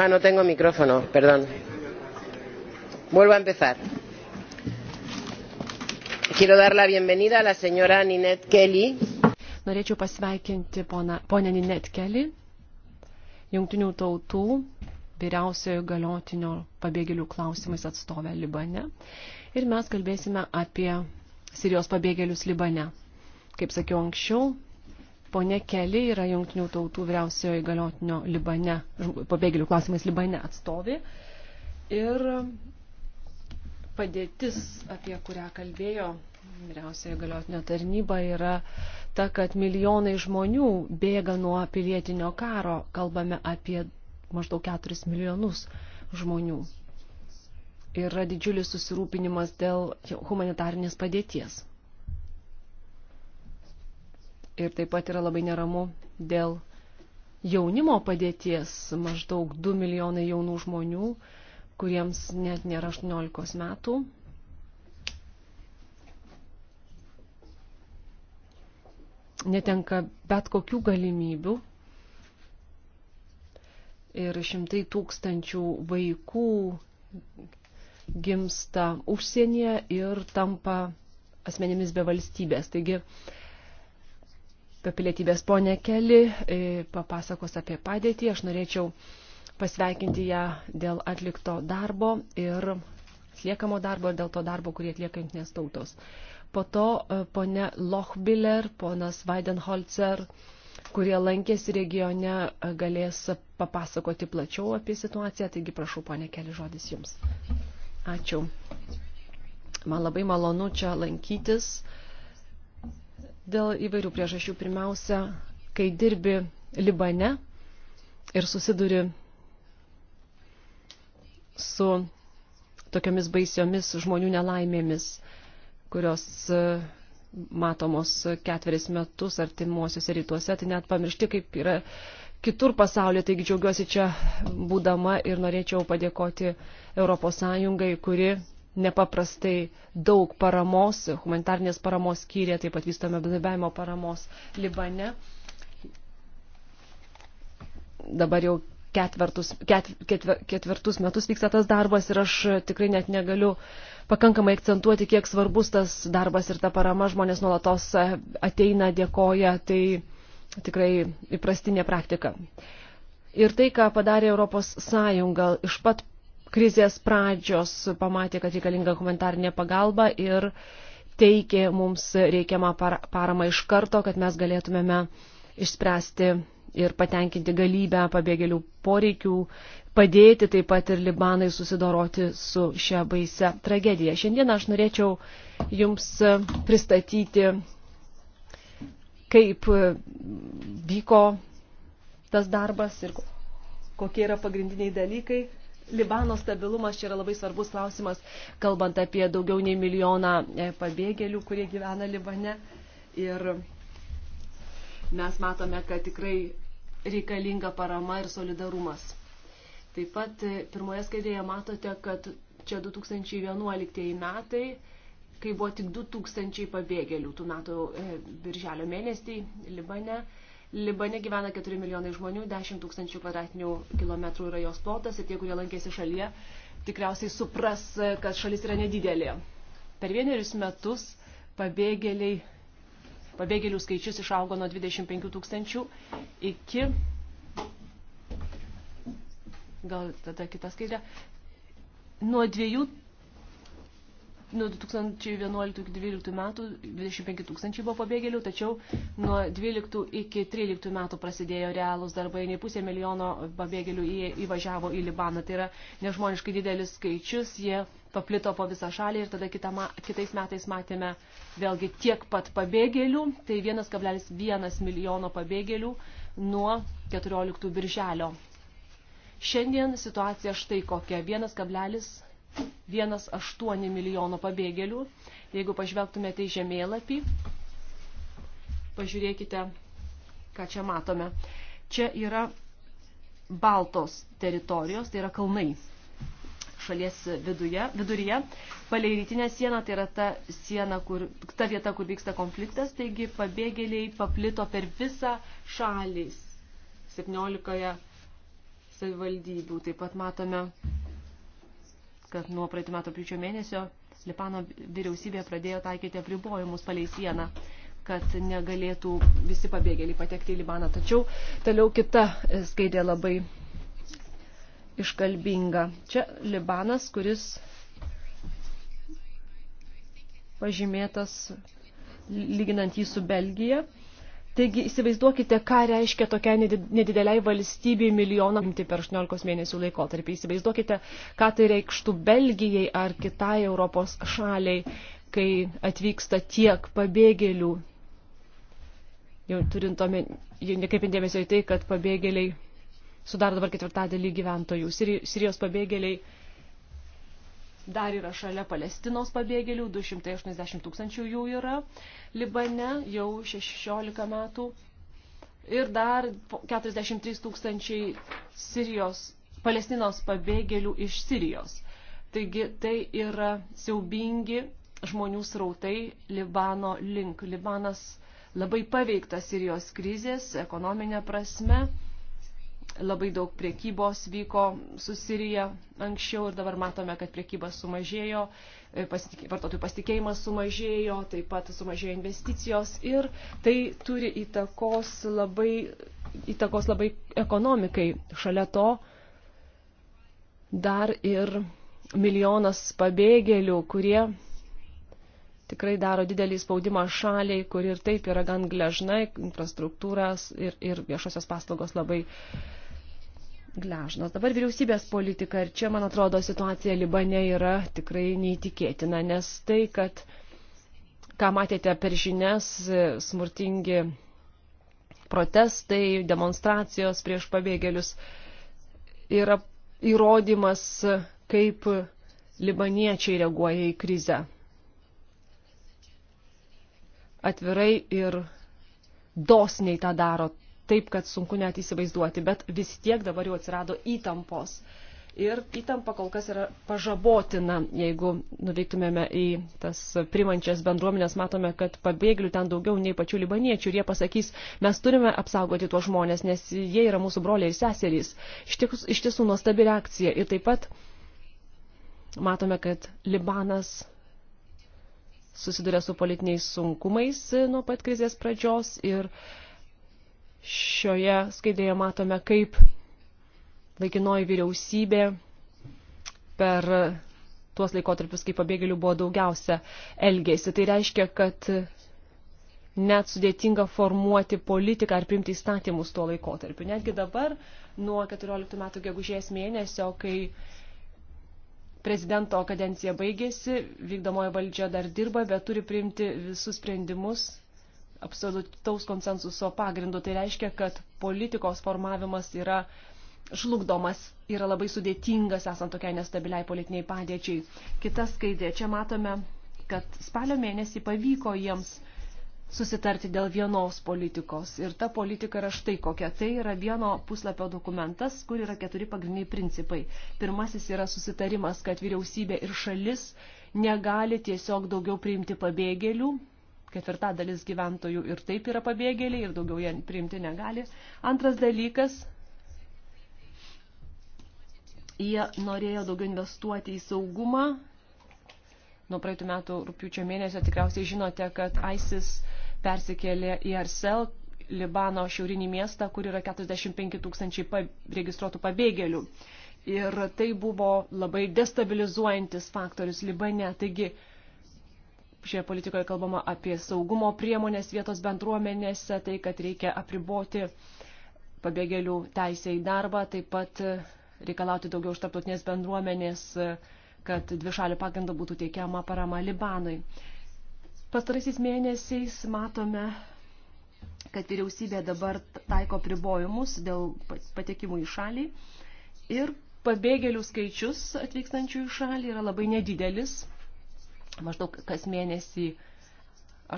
Ah, no tengo micrófono, perdón. Vuelvo a empezar. Quiero dar la bienvenida a la señora Ninette Kelly. Norėčiau pasveikinti ponę Ninette Kelly, jungtinių tautų vyriausiojo galiotinio pabėgėlių klausimais atstovę Libane. Ir mes kalbėsime apie Sirijos pabėgėlius Libane. Kaip sakiau anksčiau, Pone Keli yra jungtinių tautų vyriausiojo įgaliotinio Libane, pabėgėlių klausimais Libane atstovė. Ir padėtis, apie kurią kalbėjo vyriausiojo įgaliotinio tarnyba, yra ta, kad milijonai žmonių bėga nuo pilietinio karo. Kalbame apie maždaug 4 milijonus žmonių. Yra didžiulis susirūpinimas dėl humanitarnės padėties ir taip pat yra labai neramu dėl jaunimo padėties. Maždaug 2 milijonai jaunų žmonių, kuriems net nėra 18 metų. Netenka bet kokių galimybių. Ir šimtai tūkstančių vaikų gimsta užsienyje ir tampa asmenėmis be valstybės. Taigi apie pilietybės ponę Keli, e, papasakos apie padėtį. Aš norėčiau pasveikinti ją dėl atlikto darbo ir atliekamo darbo ir dėl to darbo, kurį atlieka jungtinės tautos. Po to e, ponia Lochbiller, ponas Weidenholzer, kurie lankėsi regione, e, galės papasakoti plačiau apie situaciją, taigi prašau, ponia Keli, žodis jums. Ačiū. Man labai malonu čia lankytis dėl įvairių priežasčių. Pirmiausia, kai dirbi Libane ir susiduri su tokiamis baisiomis žmonių nelaimėmis, kurios e, matomos ketveris metus artimuosiuose rytuose, tai net pamiršti, kaip yra kitur pasaulyje. Taigi džiaugiuosi čia būdama ir norėčiau padėkoti ES, kuri nepaprastai daug paramos, humanitarnės paramos skyrė, taip pat vystome bendradarbiavimo paramos Libane. Dabar jau ketvertus, ket, ketver, ketvertus metus vyksta tas darbas ir aš tikrai net negaliu pakankamai akcentuoti, kiek svarbus tas darbas ir ta parama žmonės nuolatos ateina, dėkoja, tai tikrai įprastinė praktika. Ir tai, ką padarė Europos Sąjunga iš pat krizės pradžios pamatė, kad reikalinga humanitarinė pagalba ir teikė mums reikiamą paramą iš karto, kad mes galėtumėme išspręsti ir patenkinti galybę pabėgėlių poreikių, padėti taip pat ir Libanai susidoroti su šia baise tragedija. Šiandien aš norėčiau Jums pristatyti, kaip vyko tas darbas ir kokie yra pagrindiniai dalykai. Libano stabilumas čia yra labai svarbus klausimas, kalbant apie daugiau nei milijoną e, pabėgėlių, kurie gyvena Libane. Ir mes matome, kad tikrai reikalinga parama ir solidarumas. Taip pat e, pirmoje skaidrėje matote, kad čia 2011 metai, kai buvo tik 2000 pabėgėlių, tų metų e, birželio mėnesį Libane Libane gyvena 4 milijonai žmonių, 10 tūkstančių kvadratinių kilometrų yra jos plotas ir tie, kurie lankėsi šalyje, tikriausiai supras, kad šalis yra nedidelė. Per vienerius metus pabėgėliai, pabėgėlių skaičius išaugo nuo 25 tūkstančių iki, gal tada kitą skaidrę, nuo 2 nuo 2011-2012 metų 25 tūkstančiai buvo pabėgėlių, tačiau nuo 12 iki 13 metų prasidėjo realūs darbai, nei pusė milijono pabėgėlių į, įvažiavo į Libaną. Tai yra nežmoniškai didelis skaičius, jie paplito po visą šalį ir tada kita, kitais metais matėme vėlgi tiek pat pabėgėlių, tai 1,1 milijono pabėgėlių nuo 14 birželio. Šiandien situacija štai kokia. 1,1 1,8 milijono pabėgėlių. Jeigu pažvelgtumėte į žemėlapį, pažiūrėkite, ką čia matome. Čia yra Baltos teritorijos, tai yra kalnai šalies viduje, viduryje, palei rytinę sieną, tai yra ta, siena, kur, ta vieta, kur vyksta konfliktas, taigi pabėgėliai paplito per visą šalį 17 savivaldybių. Taip pat matome kad nuo praeitų metų pričio mėnesio Lipano vyriausybė pradėjo taikyti apribojimus palei sieną, kad negalėtų visi pabėgėliai patekti į Libaną. Tačiau toliau kita skaidė labai iškalbinga. Čia Libanas, kuris pažymėtas lyginant jį su Belgija Taigi įsivaizduokite, ką reiškia tokia nedideliai valstybei milijoną imti per 18 mėnesių laikotarpį. Įsivaizduokite, ką tai reikštų Belgijai ar kitai Europos šaliai, kai atvyksta tiek pabėgėlių. Jau turint omeny, nekreipint dėmesio į tai, kad pabėgėliai sudaro dabar ketvirtadėlį gyventojų. Sirijos pabėgėliai dar yra šalia Palestinos pabėgėlių, 280 tūkstančių jų yra Libane jau 16 metų ir dar 43 tūkstančiai Sirijos, Palestinos pabėgėlių iš Sirijos. Taigi tai yra siaubingi žmonių srautai Libano link. Libanas labai paveiktas Sirijos krizės ekonominė prasme Labai daug priekybos vyko su Sirija anksčiau ir dabar matome, kad priekyba sumažėjo, e, vartotojų pasitikėjimas sumažėjo, taip pat sumažėjo investicijos ir tai turi įtakos labai, įtakos labai ekonomikai. Šalia to dar ir milijonas pabėgėlių, kurie tikrai daro didelį spaudimą šaliai, kur ir taip yra gan gležnai, infrastruktūras ir, ir viešosios paslaugos labai gležnos. Dabar vyriausybės politika ir čia, man atrodo, situacija Libane yra tikrai neįtikėtina, nes tai, kad, ką matėte per žinias, smurtingi protestai, demonstracijos prieš pabėgėlius, yra įrodymas, kaip libaniečiai reaguoja į krizę. Atvirai ir dosniai tą daro taip, kad sunku net įsivaizduoti, bet vis tiek dabar jau atsirado įtampos. Ir įtampa kol kas yra pažabotina, jeigu nuvyktumėme į tas primančias bendruomenės, matome, kad pabėgėlių ten daugiau nei pačių libaniečių ir jie pasakys, mes turime apsaugoti tuos žmonės, nes jie yra mūsų broliai ir seserys. Iš tiesų nuostabi reakcija ir taip pat matome, kad Libanas susiduria su politiniais sunkumais nuo pat krizės pradžios ir uh, Šioje skaidrėje matome, kaip laikinoji vyriausybė per tuos laikotarpius, kai pabėgėlių buvo daugiausia elgėsi. Tai reiškia, kad net sudėtinga formuoti politiką ar primti įstatymus tuo laikotarpiu. Netgi dabar, nuo 14 metų gegužės mėnesio, kai prezidento kadencija baigėsi, vykdomoji valdžia dar dirba, bet turi priimti visus sprendimus absoliutaus konsensuso pagrindu. Tai reiškia, kad politikos formavimas yra žlugdomas, yra labai sudėtingas esant tokiai nestabiliai politiniai padėčiai. Kita skaidė, čia matome, kad spalio mėnesį pavyko jiems susitarti dėl vienos politikos. Ir ta politika yra štai kokia. Tai yra vieno puslapio dokumentas, kur yra keturi pagrindiniai principai. Pirmasis yra susitarimas, kad vyriausybė ir šalis negali tiesiog daugiau priimti pabėgėlių, ketvirtadalis gyventojų ir taip yra pabėgėliai ir daugiau jie priimti negali. Antras dalykas, jie norėjo daugiau investuoti į saugumą. Nuo praeitų metų rūpiučio mėnesio tikriausiai žinote, kad ISIS persikėlė į Arsel, Libano šiaurinį miestą, kur yra 45 tūkstančiai registruotų pabėgėlių. Ir tai buvo labai destabilizuojantis faktorius Libane. Taigi šioje politikoje kalbama apie saugumo priemonės vietos bendruomenėse, tai kad reikia apriboti pabėgėlių teisę į darbą, taip pat reikalauti daugiau iš tarptautinės bendruomenės, kad dvišalių pagrindų būtų teikiama parama Libanui. Pastaraisiais mėnesiais matome, kad vyriausybė dabar taiko pribojimus dėl patekimų į šalį ir pabėgėlių skaičius atvykstančių į šalį yra labai nedidelis maždaug kas mėnesį,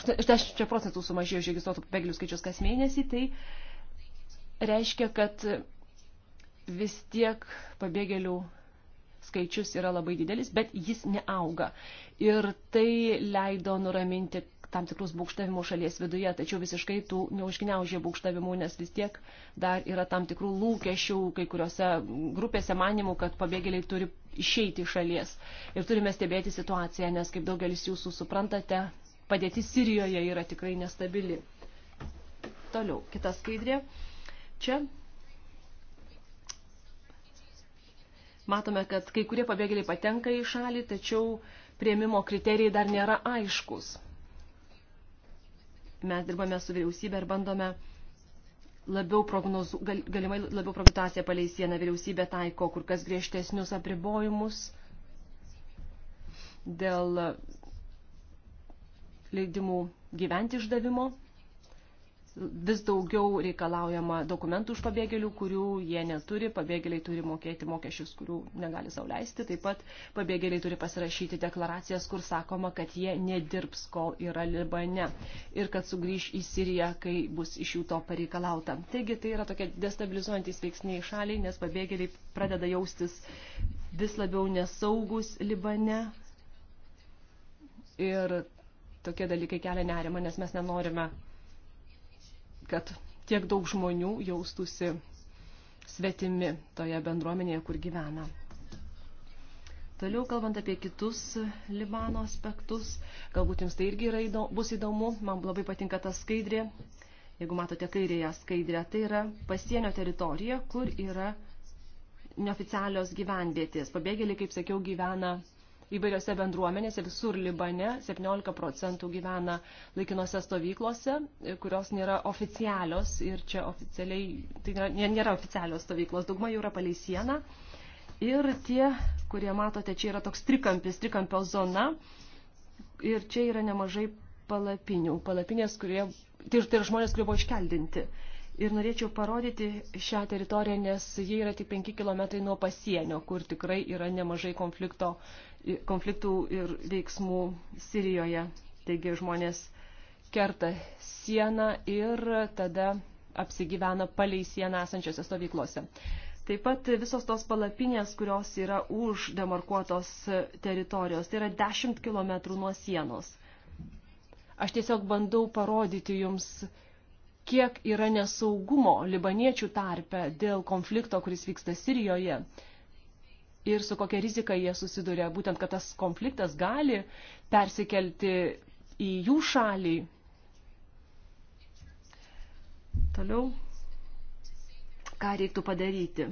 80 procentų sumažėjo žiegizuotų pabėgėlių skaičius kas mėnesį, tai reiškia, kad vis tiek pabėgėlių skaičius yra labai didelis, bet jis neauga. Ir tai leido nuraminti tam tikrus būkštavimų šalies viduje, tačiau visiškai tų neužgniaužė būkštavimų, nes vis tiek dar yra tam tikrų lūkesčių kai kuriuose grupėse manimų, kad pabėgėliai turi išeiti iš šalies. Ir turime stebėti situaciją, nes kaip daugelis jūsų suprantate, padėtis Sirijoje yra tikrai nestabili. Toliau, kita skaidrė. Čia matome, kad kai kurie pabėgėliai patenka į šalį, tačiau prieimimo kriterijai dar nėra aiškus. Mes dirbame su vyriausybė ir bandome labiau prognozu, gal, galimai labiau prognozacija palei sieną vyriausybė taiko kur kas griežtesnius apribojimus dėl leidimų gyventi išdavimo vis daugiau reikalaujama dokumentų iš pabėgėlių, kurių jie neturi, pabėgėliai turi mokėti mokesčius, kurių negali sauliaisti, taip pat pabėgėliai turi pasirašyti deklaracijas, kur sakoma, kad jie nedirbs, kol yra Libane ir kad sugrįž į Siriją, kai bus iš jų to pareikalauta. Taigi tai yra tokie destabilizuojantys veiksniai šaliai, nes pabėgėliai pradeda jaustis vis labiau nesaugus Libane. Ir tokie dalykai kelia nerimą, nes mes nenorime kad tiek daug žmonių jaustųsi svetimi toje bendruomenėje, kur gyvena. Toliau kalbant apie kitus Libano aspektus, galbūt jums tai irgi yra įdomu, bus įdomu, man labai patinka ta skaidrė, jeigu matote kairėje skaidrę, tai yra pasienio teritorija, kur yra neoficialios gyvenvietės. Pabėgėliai, kaip sakiau, gyvena įvairiose bendruomenėse, visur Libane 17 procentų gyvena laikinose stovyklose, kurios nėra oficialios ir čia oficialiai, tai nėra, nėra oficialios stovyklos, dauguma jų yra palei sieną. Ir tie, kurie matote, čia yra toks trikampis, trikampio zona ir čia yra nemažai palapinių, palapinės, kurie, tai, tai yra žmonės, kurie buvo iškeldinti. Ir norėčiau parodyti šią teritoriją, nes jie yra tik 5 km nuo pasienio, kur tikrai yra nemažai konflikto konfliktų ir veiksmų Sirijoje. Taigi žmonės kerta sieną ir tada apsigyvena palei sieną esančiose stovyklose. Taip pat visos tos palapinės, kurios yra už demarkuotos teritorijos, tai yra 10 km nuo sienos. Aš tiesiog bandau parodyti jums, kiek yra nesaugumo libaniečių tarpe dėl konflikto, kuris vyksta Sirijoje ir su kokia rizika jie susiduria, būtent, kad tas konfliktas gali persikelti į jų šalį. Toliau, ką reiktų padaryti?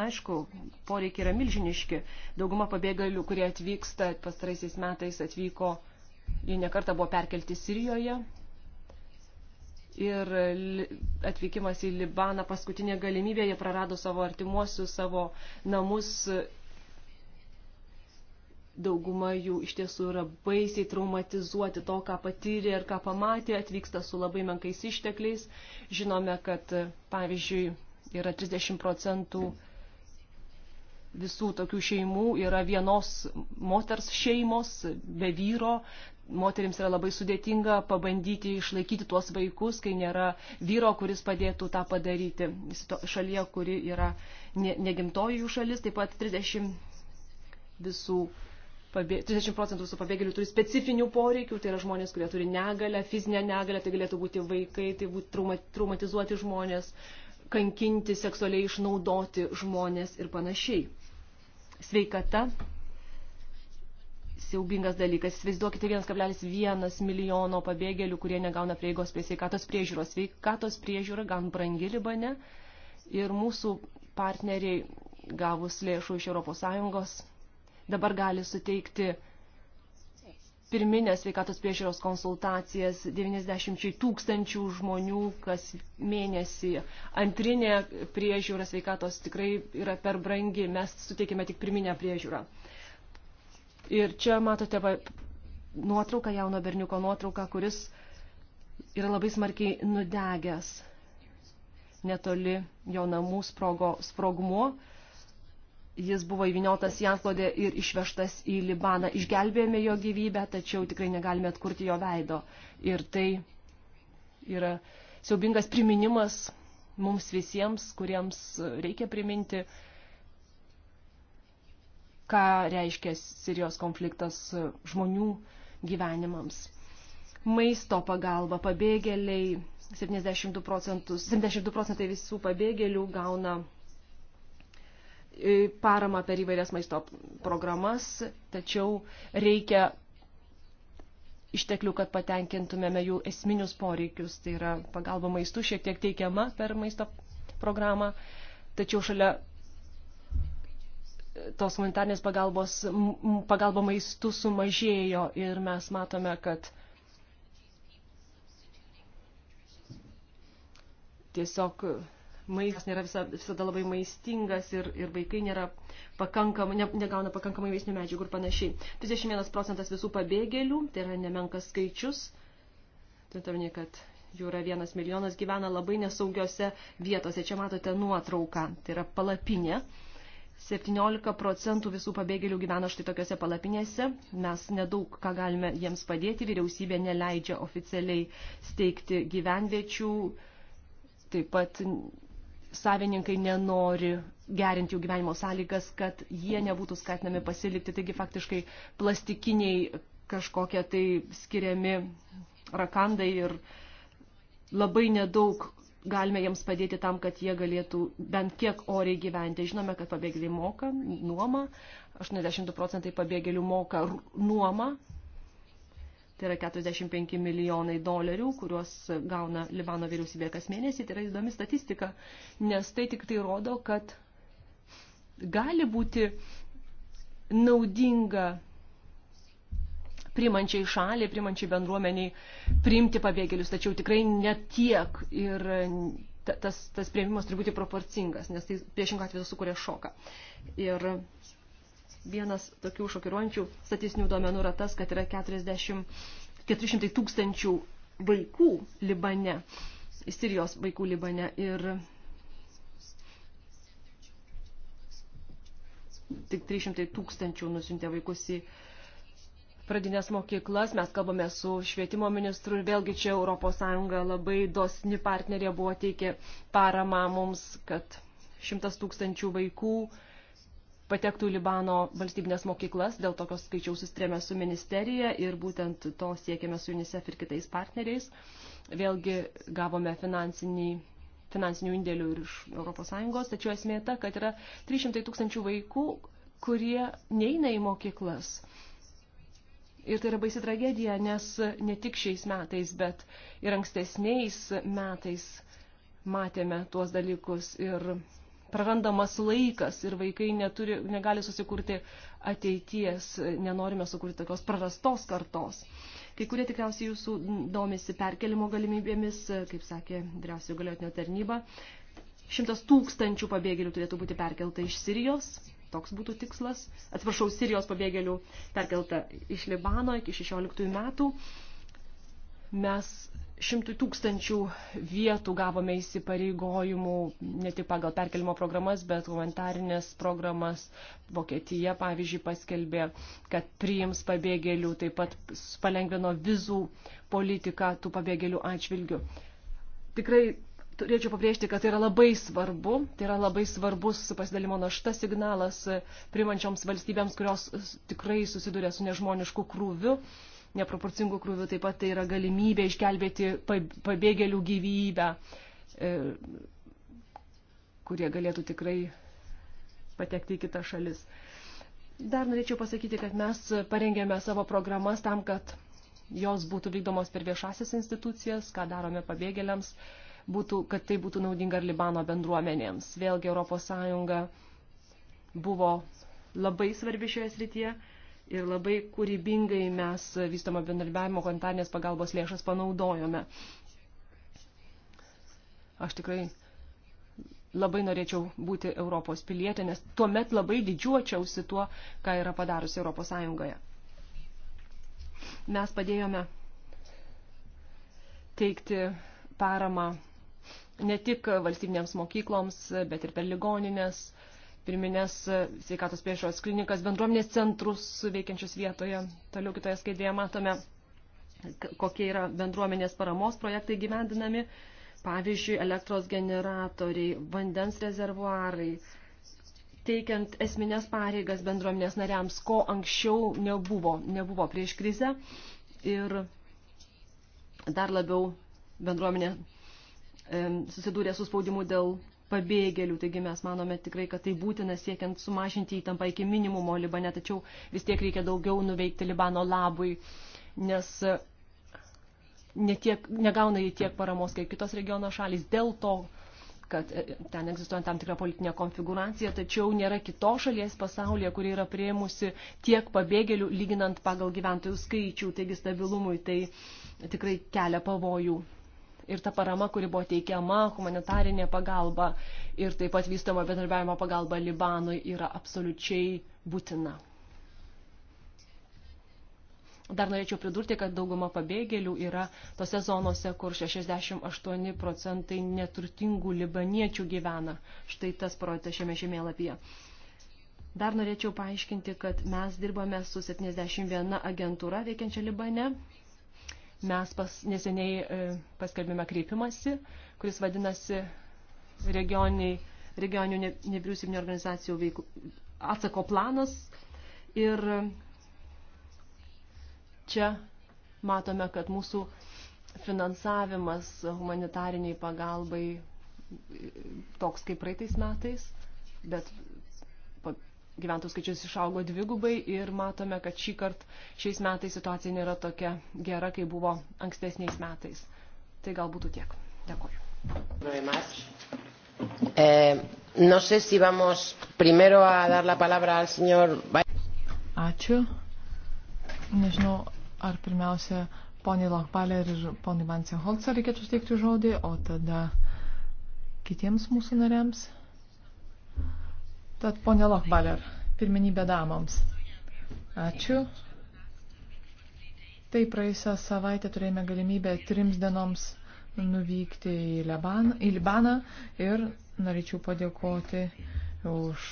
Aišku, poreikiai yra milžiniški. Dauguma pabėgalių, kurie atvyksta pastaraisiais metais, atvyko, jie nekarta buvo perkelti Sirijoje, ir atvykimas į Libaną paskutinė galimybė, jie prarado savo artimuosius, savo namus. Dauguma jų iš tiesų yra baisiai traumatizuoti to, ką patyrė ir ką pamatė, atvyksta su labai menkais ištekliais. Žinome, kad pavyzdžiui yra 30 procentų visų tokių šeimų yra vienos moters šeimos be vyro, moterims yra labai sudėtinga pabandyti išlaikyti tuos vaikus, kai nėra vyro, kuris padėtų tą padaryti šalyje, kuri yra negimtoji jų šalis. Taip pat 30, visų, 30 procentų visų pabėgėlių turi specifinių poreikių, tai yra žmonės, kurie turi negalę, fizinę negalę, tai galėtų būti vaikai, tai būtų traumatizuoti žmonės, kankinti, seksualiai išnaudoti žmonės ir panašiai. Sveikata siaubingas dalykas. Įsivaizduokite 1,1 milijono pabėgėlių, kurie negauna prieigos prie sveikatos priežiūros. Sveikatos priežiūra gan brangi Libane ir mūsų partneriai gavus lėšų iš ES dabar gali suteikti pirminės sveikatos priežiūros konsultacijas 90 tūkstančių žmonių kas mėnesį. Antrinė priežiūra sveikatos tikrai yra per brangi, mes suteikime tik pirminę priežiūrą. Ir čia matote va, nuotrauką, jauno berniuko nuotrauką, kuris yra labai smarkiai nudegęs netoli jo namų sprogo, sprogmuo. Jis buvo įviniotas į antklodę ir išvežtas į Libaną. Išgelbėjome jo gyvybę, tačiau tikrai negalime atkurti jo veido. Ir tai yra siaubingas priminimas mums visiems, kuriems reikia priminti, uh, ką reiškia Sirijos konfliktas žmonių gyvenimams. Maisto pagalba pabėgėliai, 72, procentus, 72 procentai visų pabėgėlių gauna e, paramą per įvairias maisto programas, tačiau reikia išteklių, kad patenkintumėme jų esminius poreikius. Tai yra pagalba maistų šiek tiek teikiama per maisto programą, tačiau šalia tos humanitarnės pagalbos, pagalba maistų sumažėjo ir mes matome, kad tiesiog maistas nėra visa, visada labai maistingas ir, ir vaikai nėra pakankamai, ne, negauna pakankamai vaisinių medžiagų ir panašiai. 31 procentas visų pabėgėlių, tai yra nemenkas skaičius, turintavinė, kad jų yra vienas milijonas, gyvena labai nesaugiose vietose. Čia matote nuotrauką, tai yra palapinė. 17 procentų visų pabėgėlių gyvena štai tokiuose palapinėse. Mes nedaug ką galime jiems padėti. Vyriausybė neleidžia oficialiai steigti gyvenviečių. Taip pat savininkai nenori gerinti jų gyvenimo sąlygas, kad jie nebūtų skatinami pasilikti. Taigi faktiškai plastikiniai kažkokie tai skiriami rakandai ir labai nedaug galime jiems padėti tam, kad jie galėtų bent kiek oriai gyventi. Žinome, kad pabėgėliai moka nuomą, 82 procentai pabėgėlių moka nuomą, tai yra 45 milijonai dolerių, kuriuos gauna Libano vyriausybė kas mėnesį, tai yra įdomi statistika, nes tai tik tai rodo, kad gali būti naudinga primančiai šaliai, primančiai bendruomeniai priimti pabėgėlius, tačiau tikrai net tiek ir tas, tas prieimimas turi būti proporcingas, nes tai priešingą atveju sukuria šoką. Ir vienas tokių šokiruojančių statistinių duomenų yra tas, kad yra 40, 400 tūkstančių vaikų Libane, Sirijos vaikų Libane ir tik 300 tūkstančių nusintė vaikus į pradinės mokyklas, mes kalbame su švietimo ministru ir vėlgi čia ES labai dosni partnerė buvo teikė parama mums, kad šimtas tūkstančių vaikų patektų į Libano valstybinės mokyklas, dėl tokios skaičiaus sustrėmė su ministerija ir būtent to siekėme su UNICEF ir kitais partneriais. Vėlgi gavome finansinį finansinių indėlių ir iš ES, tačiau esmė ta, kad yra 300 tūkstančių vaikų, kurie neina į mokyklas. Ir tai yra baisi tragedija, nes ne tik šiais metais, bet ir ankstesniais metais matėme tuos dalykus ir prarandamas laikas ir vaikai neturi, negali susikurti ateities, nenorime sukurti tokios prarastos kartos. Kai kurie tikriausiai jūsų domisi perkelimo galimybėmis, kaip sakė vyriausiojo galiotinio tarnyba, šimtas tūkstančių pabėgėlių turėtų būti perkelta iš Sirijos Toks būtų tikslas. Atsiprašau, Sirijos pabėgėlių perkelta iš Libano iki 16 metų. Mes šimtų tūkstančių vietų gavome įsipareigojimų ne tik pagal perkelimo programas, bet humanitarinės programas. Vokietija, pavyzdžiui, paskelbė, kad priims pabėgėlių, taip pat palengvino vizų politiką tų pabėgėlių atžvilgių. Tikrai turėčiau pabrėžti, kad tai yra labai svarbu, tai yra labai svarbus pasidalimo našta signalas primančioms valstybėms, kurios tikrai susiduria su nežmonišku krūviu, neproporcingu krūviu, taip pat tai yra galimybė išgelbėti pabėgėlių gyvybę, e, kurie galėtų tikrai patekti į kitas šalis. Dar norėčiau pasakyti, kad mes parengėme savo programas tam, kad jos būtų vykdomos per viešasias institucijas, ką darome pabėgėliams, būtų, kad tai būtų naudinga ir Libano bendruomenėms. Vėlgi ES buvo labai svarbi šioje srityje ir labai kūrybingai mes vystomo bendarbiavimo kontanės pagalbos lėšas panaudojome. Aš tikrai labai norėčiau būti Europos pilietė, nes tuomet labai didžiuočiausi tuo, ką yra padariusi Europos Sąjungoje. Mes padėjome teikti paramą ne tik valstybinėms mokykloms, bet ir per ligoninės, pirminės sveikatos priešos klinikas, bendruomenės centrus veikiančius vietoje. Toliau kitoje skaidrėje matome, kokie yra bendruomenės paramos projektai gyvendinami. Pavyzdžiui, elektros generatoriai, vandens rezervuarai, teikiant esminės pareigas bendruomenės nariams, ko anksčiau nebuvo, nebuvo prieš krizę ir dar labiau bendruomenė E, susidūrė su spaudimu dėl pabėgėlių, taigi mes manome tikrai, kad tai būtina siekiant sumažinti įtampą iki minimumo Libane, tačiau vis tiek reikia daugiau nuveikti Libano labui, nes netiek, negauna jį tiek paramos kaip kitos regiono šalis dėl to, kad e, ten egzistuoja tam tikra politinė konfiguracija, tačiau nėra kitos šalies pasaulyje, kuri yra prieimusi tiek pabėgėlių, lyginant pagal gyventojų skaičių, taigi stabilumui tai tikrai kelia pavojų ir ta parama, kuri buvo teikiama, humanitarinė pagalba ir taip pat vystoma bedarbiavimo pagalba Libanui yra absoliučiai būtina. Dar norėčiau pridurti, kad dauguma pabėgėlių yra tose zonose, kur 68 procentai neturtingų libaniečių gyvena. Štai tas projektas šiame žemėlapyje. Dar norėčiau paaiškinti, kad mes dirbame su 71 agentūra veikiančia Libane Mes pas, neseniai e, paskelbėme kreipimąsi, kuris vadinasi regioniniai, regioninių nevyriausybinio organizacijų veikl... atsako planas. Ir čia matome, kad mūsų finansavimas humanitariniai pagalbai toks kaip praeitais metais, bet gyventojų skaičius išaugo dvigubai ir matome, kad šį kartą šiais metais situacija nėra tokia gera, kaip buvo ankstesniais metais. Tai galbūt tiek. Dėkuoju. Eh, Ačiū. Nežinau, ar pirmiausia poniai Lokpalė ir poniai Vansen Holca reikėtų steigti žodį, o tada kitiems mūsų nariams. Tad ponė Lochbaler, pirmenybė damoms. Ačiū. Tai praėjusią savaitę turėjome galimybę trims dienoms nuvykti į, Leban, į Libaną ir norėčiau padėkoti už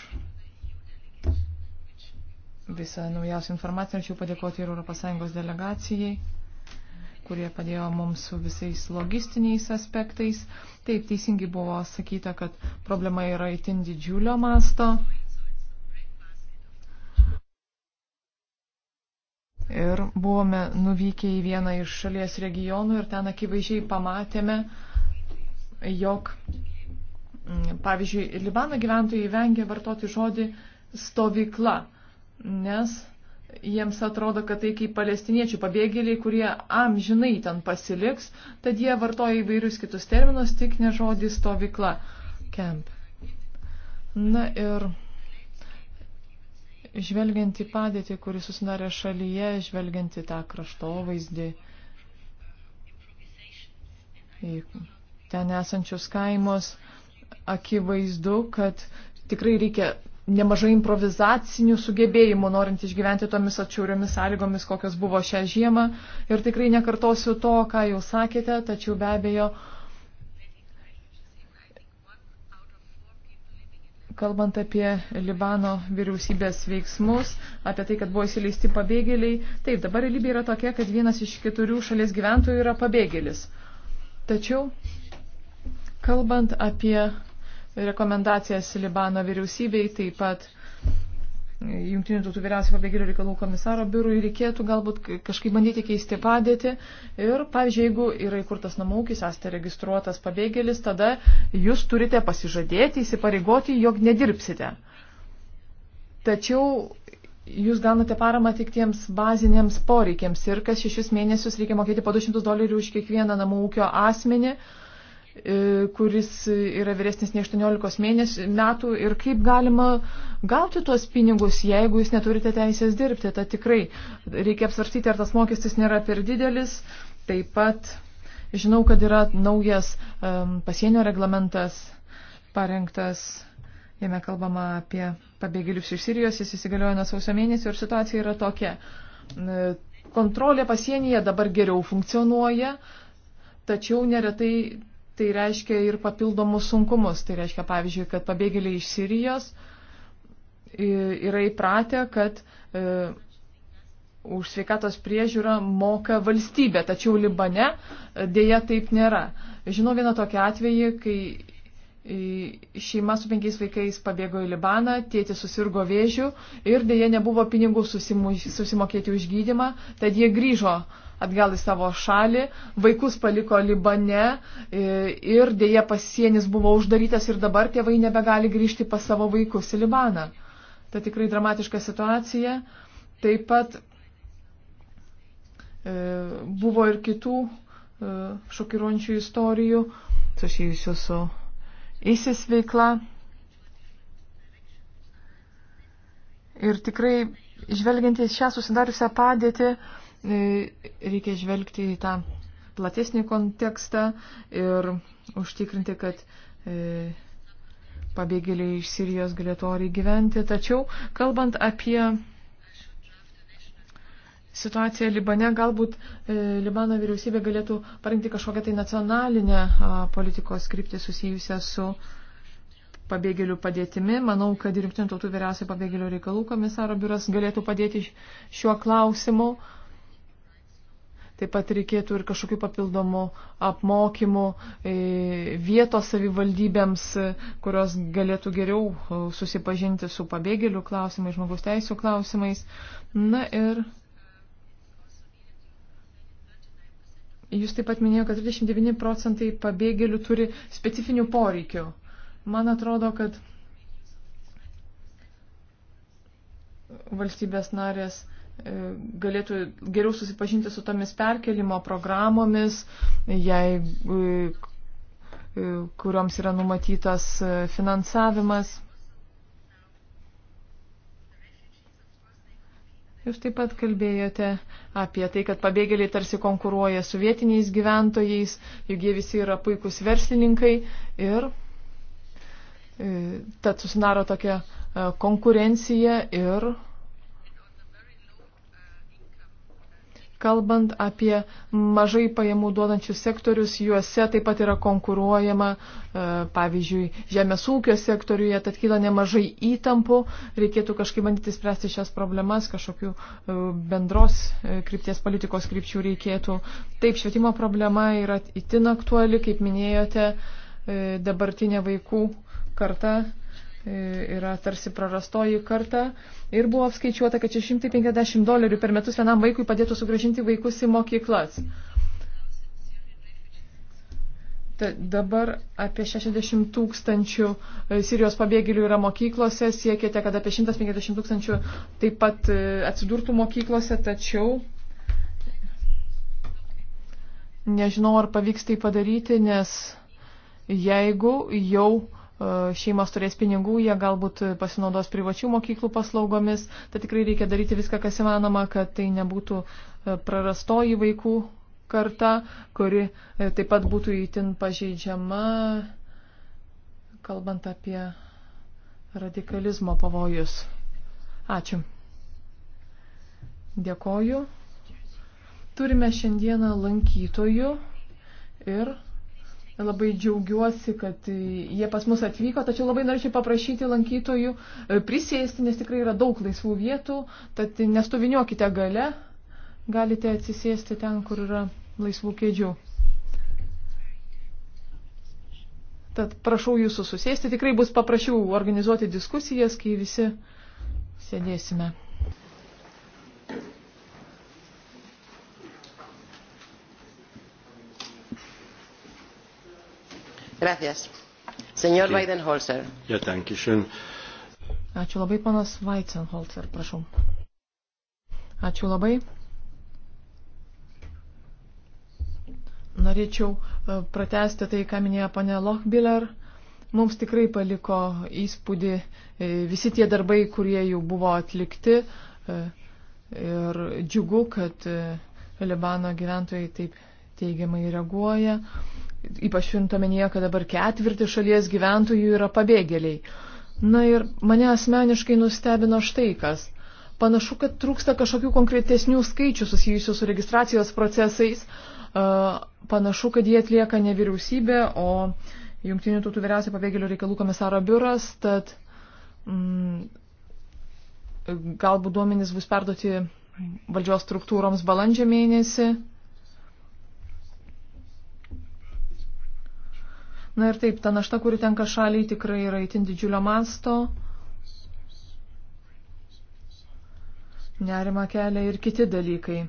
visą naujausią informaciją, norėčiau padėkoti ir ES delegacijai kurie padėjo mums su visais logistiniais aspektais. Taip, teisingai buvo sakyta, kad problema yra itin didžiulio masto. Ir buvome nuvykę į vieną iš šalies regionų ir ten akivaizdžiai pamatėme, jog, mm, pavyzdžiui, Libano gyventojai vengia vartoti žodį stovykla, nes jiems atrodo, kad tai kaip palestiniečių pabėgėliai, kurie amžinai ten pasiliks, tad jie vartoja įvairius kitus terminus, tik ne žodį stovykla. Camp. Na ir žvelgiant į padėtį, kuri susidarė šalyje, žvelgiant į tą kraštovaizdį, į ten esančius kaimus, akivaizdu, kad tikrai reikia nemažai improvizacinių sugebėjimų, norint išgyventi tomis atšiauriomis sąlygomis, kokios buvo šią žiemą. Ir tikrai nekartosiu to, ką jau sakėte, tačiau be abejo, kalbant apie Libano vyriausybės veiksmus, apie tai, kad buvo įsileisti pabėgėliai, taip, dabar realybė yra tokia, kad vienas iš keturių šalies gyventojų yra pabėgėlis. Tačiau, kalbant apie rekomendacijas Libano vyriausybei, taip pat Junktinių tautų vyriausių pabėgėlių reikalų komisaro biurui reikėtų galbūt kažkaip bandyti keisti padėtį. Ir, pavyzdžiui, jeigu yra įkurtas namų ūkis, esate registruotas pabėgėlis, tada jūs turite pasižadėti, įsipareigoti, jog nedirbsite. Tačiau jūs gaunate paramą tik tiems baziniams poreikiams ir kas šešis mėnesius reikia mokėti po 200 dolerių už kiekvieną namų ūkio asmenį. Uh, E, kuris yra vyresnis nei 18 mėnesių metų ir kaip galima gauti tuos pinigus, jeigu jūs neturite teisės dirbti. Ta tikrai reikia apsvarstyti, ar tas mokestis nėra per didelis. Taip pat žinau, kad yra naujas um, pasienio reglamentas parengtas. Jame kalbama apie pabėgėlius iš Sirijos, jis įsigalioja nuo sausio mėnesio ir situacija yra tokia. E, kontrolė pasienyje dabar geriau funkcionuoja, tačiau neretai tai reiškia ir papildomus sunkumus. Tai reiškia, pavyzdžiui, kad pabėgėliai iš Sirijos yra įpratę, kad e, už sveikatos priežiūrą moka valstybė, tačiau Libane e, dėja taip nėra. Žinau vieną tokį atvejį, kai šeima su penkiais vaikais pabėgo į Libaną, tėti susirgo vėžių ir dėja nebuvo pinigų susimokėti už gydimą, tad jie grįžo uh, atgal į savo šalį, vaikus paliko Libane e, ir dėja pasienis buvo uždarytas ir dabar tėvai nebegali grįžti pas savo vaikus į Libaną. Tai tikrai dramatiška situacija. Taip pat e, buvo ir kitų e, šokiruojančių istorijų susijusių su ISIS veikla. Ir tikrai, žvelgiant į šią susidariusią padėtį, E, reikia žvelgti į tą platesnį kontekstą ir užtikrinti, kad e, pabėgėliai iš Sirijos galėtų oriai gyventi. Tačiau, kalbant apie situaciją Libane, galbūt e, Libano vyriausybė galėtų parinkti kažkokią tai nacionalinę politikos kryptį susijusią su pabėgėlių padėtimi. Manau, kad ir Junktinių tautų vyriausiai pabėgėlių reikalų komisaro biuras galėtų padėti šiuo klausimu. Uh, Taip pat reikėtų ir kažkokių papildomų apmokymų e, vietos savivaldybėms, kurios galėtų geriau e, susipažinti su pabėgėlių klausimais, žmogus teisų klausimais. Na ir jūs taip pat minėjo, kad 39 procentai pabėgėlių turi specifinių poreikių. Man atrodo, kad valstybės narės E, galėtų geriau susipažinti su tomis perkelimo programomis, jei, e, e, kurioms yra numatytas finansavimas. Jūs taip pat kalbėjote apie tai, kad pabėgėliai tarsi konkuruoja su vietiniais gyventojais, juk jie visi yra puikūs verslininkai ir tad susidaro tokia konkurencija ir Kalbant apie mažai pajamų duodančius sektorius, juose taip pat yra konkuruojama, e, pavyzdžiui, žemės ūkio sektoriuje, tad kyla nemažai įtampų, reikėtų kažkaip bandyti spręsti šias problemas, kažkokių e, bendros e, krypties politikos krypčių reikėtų. Taip, švietimo problema yra itin aktuali, kaip minėjote, dabartinė vaikų karta E, yra tarsi prarastoji karta. Ir buvo apskaičiuota, kad 650 dolerių per metus vienam vaikui padėtų sugražinti vaikus į mokyklas. Ta, dabar apie 60 tūkstančių e, Sirijos pabėgėlių yra mokyklose, siekėte, kad apie 150 tūkstančių taip pat e, atsidurtų mokyklose, tačiau nežinau, ar pavyks tai padaryti, nes jeigu jau šeimas turės pinigų, jie galbūt pasinaudos privačių mokyklų paslaugomis. Tai tikrai reikia daryti viską, kas įmanoma, kad tai nebūtų e, prarastoji vaikų karta, kuri e, taip pat būtų įtin pažeidžiama, kalbant apie radikalizmo pavojus. Ačiū. Dėkoju. Turime šiandieną lankytojų ir Labai džiaugiuosi, kad jie pas mus atvyko, tačiau labai norėčiau paprašyti lankytojų e, prisėsti, nes tikrai yra daug laisvų vietų, tad nestuviniuokite gale, galite atsisėsti ten, kur yra laisvų kėdžių. Tad prašau jūsų susėsti, tikrai bus paprašiau organizuoti diskusijas, kai visi sėdėsime. Gracias. Senor okay. Weidenholzer. Ja, danke schön. Ačiū labai, panas Weidenholzer, prašau. Ačiū labai. Norėčiau e, pratesti tai, ką minėjo panė Lochbiller. Mums tikrai paliko įspūdį e, visi tie darbai, kurie jau buvo atlikti. E, ir džiugu, kad Libano gyventojai taip teigiamai reaguoja ypač turintuomenyje, kad dabar ketvirti šalies gyventojų yra pabėgėliai. Na ir mane asmeniškai nustebino štai kas. Panašu, kad trūksta kažkokių konkretesnių skaičių susijusių su registracijos procesais. Panašu, kad jie atlieka ne vyriausybė, o Junktinių tautų vyriausiai pabėgėlių reikalų komisaro biuras. Tad mm, galbūt duomenys bus perduoti valdžios struktūroms balandžio mėnesį. Na ir taip, ta našta, kuri tenka šaliai, tikrai yra itin didžiulio masto. Nerima kelia ir kiti dalykai.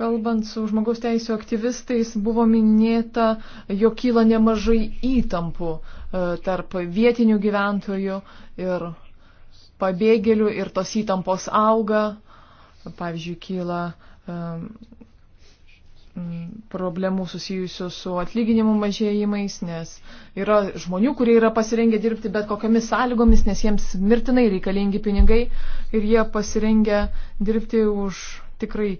Kalbant su žmogaus teisų aktyvistais, buvo minėta, jog kyla nemažai įtampų e, tarp vietinių gyventojų ir pabėgėlių ir tos įtampos auga. Pavyzdžiui, kyla e, problemų susijusių su atlyginimų mažėjimais, nes yra žmonių, kurie yra pasirengę dirbti bet kokiamis sąlygomis, nes jiems mirtinai reikalingi pinigai ir jie pasirengę dirbti už tikrai